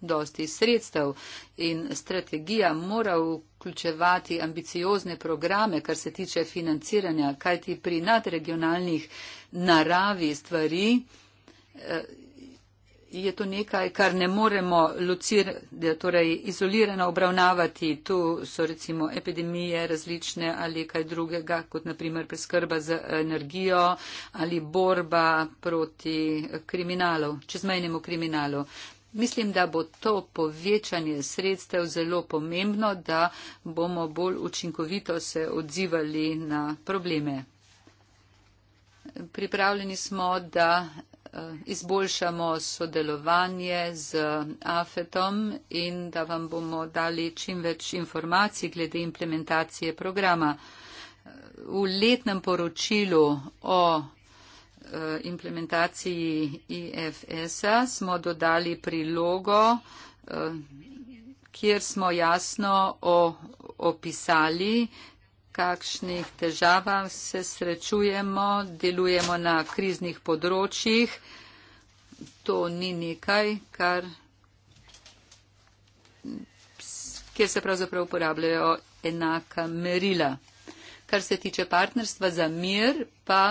dosti sredstev in strategija mora vključevati ambiciozne programe, kar se tiče financiranja, kajti pri nadregionalnih naravi stvari eh, je to nekaj, kar ne moremo locirati, torej izolirano obravnavati. Tu so recimo epidemije različne ali kaj drugega, kot naprimer preskrba z energijo ali borba proti kriminalu, čezmejnemu kriminalu. Mislim, da bo to povečanje sredstev zelo pomembno, da bomo bolj učinkovito se odzivali na probleme. Pripravljeni smo, da Eh, izboljšamo sodelovanje z AFET-om in da vam bomo dali čim več informacij glede implementacije programa. V letnem poročilu o eh, implementaciji IFS-a smo dodali prilogo, eh, kjer smo jasno opisali, kakšnih težavah se srečujemo, delujemo na kriznih področjih. To ni nekaj, kar, kjer se pravzaprav uporabljajo enaka merila. Kar se tiče partnerstva za mir, pa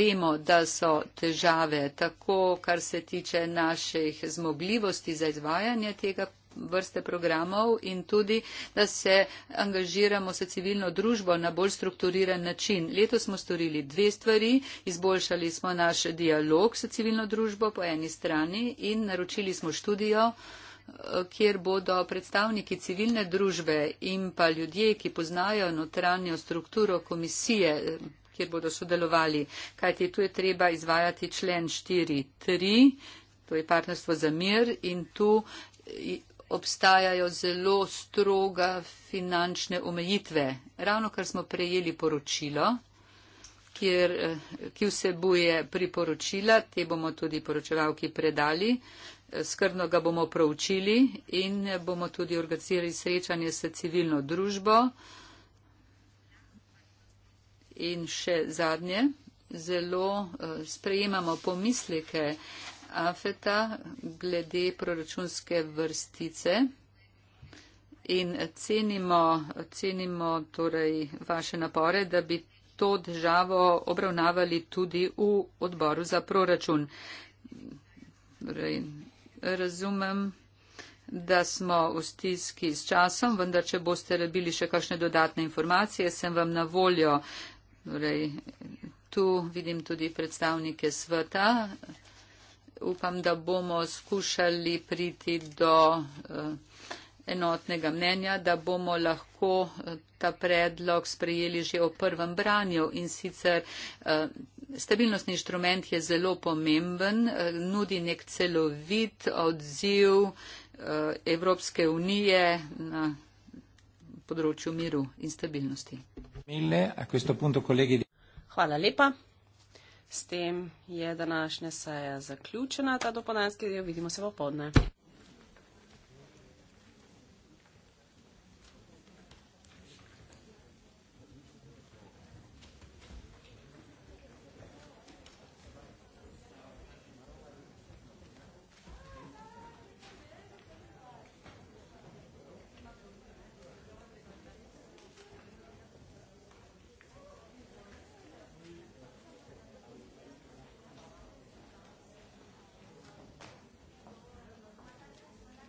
vemo, da so težave tako, kar se tiče naših zmogljivosti za izvajanje tega vrste programov in tudi, da se angažiramo s civilno družbo na bolj strukturiran način. Leto smo storili dve stvari. Izboljšali smo naš dialog s civilno družbo po eni strani in naročili smo študijo kjer bodo predstavniki civilne družbe in pa ljudje, ki poznajo notranjo strukturo komisije, kjer bodo sodelovali, kajti tu je treba izvajati člen 4.3, to je partnerstvo za mir in tu obstajajo zelo stroga finančne omejitve. Ravno kar smo prejeli poročilo, kjer, eh, ki vsebuje priporočila, te bomo tudi poročevalki predali, eh, skrbno ga bomo proučili in bomo tudi organizirali srečanje s civilno družbo. In še zadnje, zelo eh, sprejemamo pomisleke Afeta glede proračunske vrstice in cenimo, cenimo torej vaše napore, da bi to državo obravnavali tudi v odboru za proračun. Torej, razumem, da smo v stiski s časom, vendar če boste rabili še kakšne dodatne informacije, sem vam na voljo. Torej, tu vidim tudi predstavnike sveta upam, da bomo skušali priti do eh, enotnega mnenja, da bomo lahko eh, ta predlog sprejeli že v prvem branju in sicer eh, stabilnostni inštrument je zelo pomemben, nudi nek celovit odziv Evropske unije na področju miru in stabilnosti. Hvala lepa. S tem je današnja seja zaključena, ta dopodanski del. Vidimo se v popodne.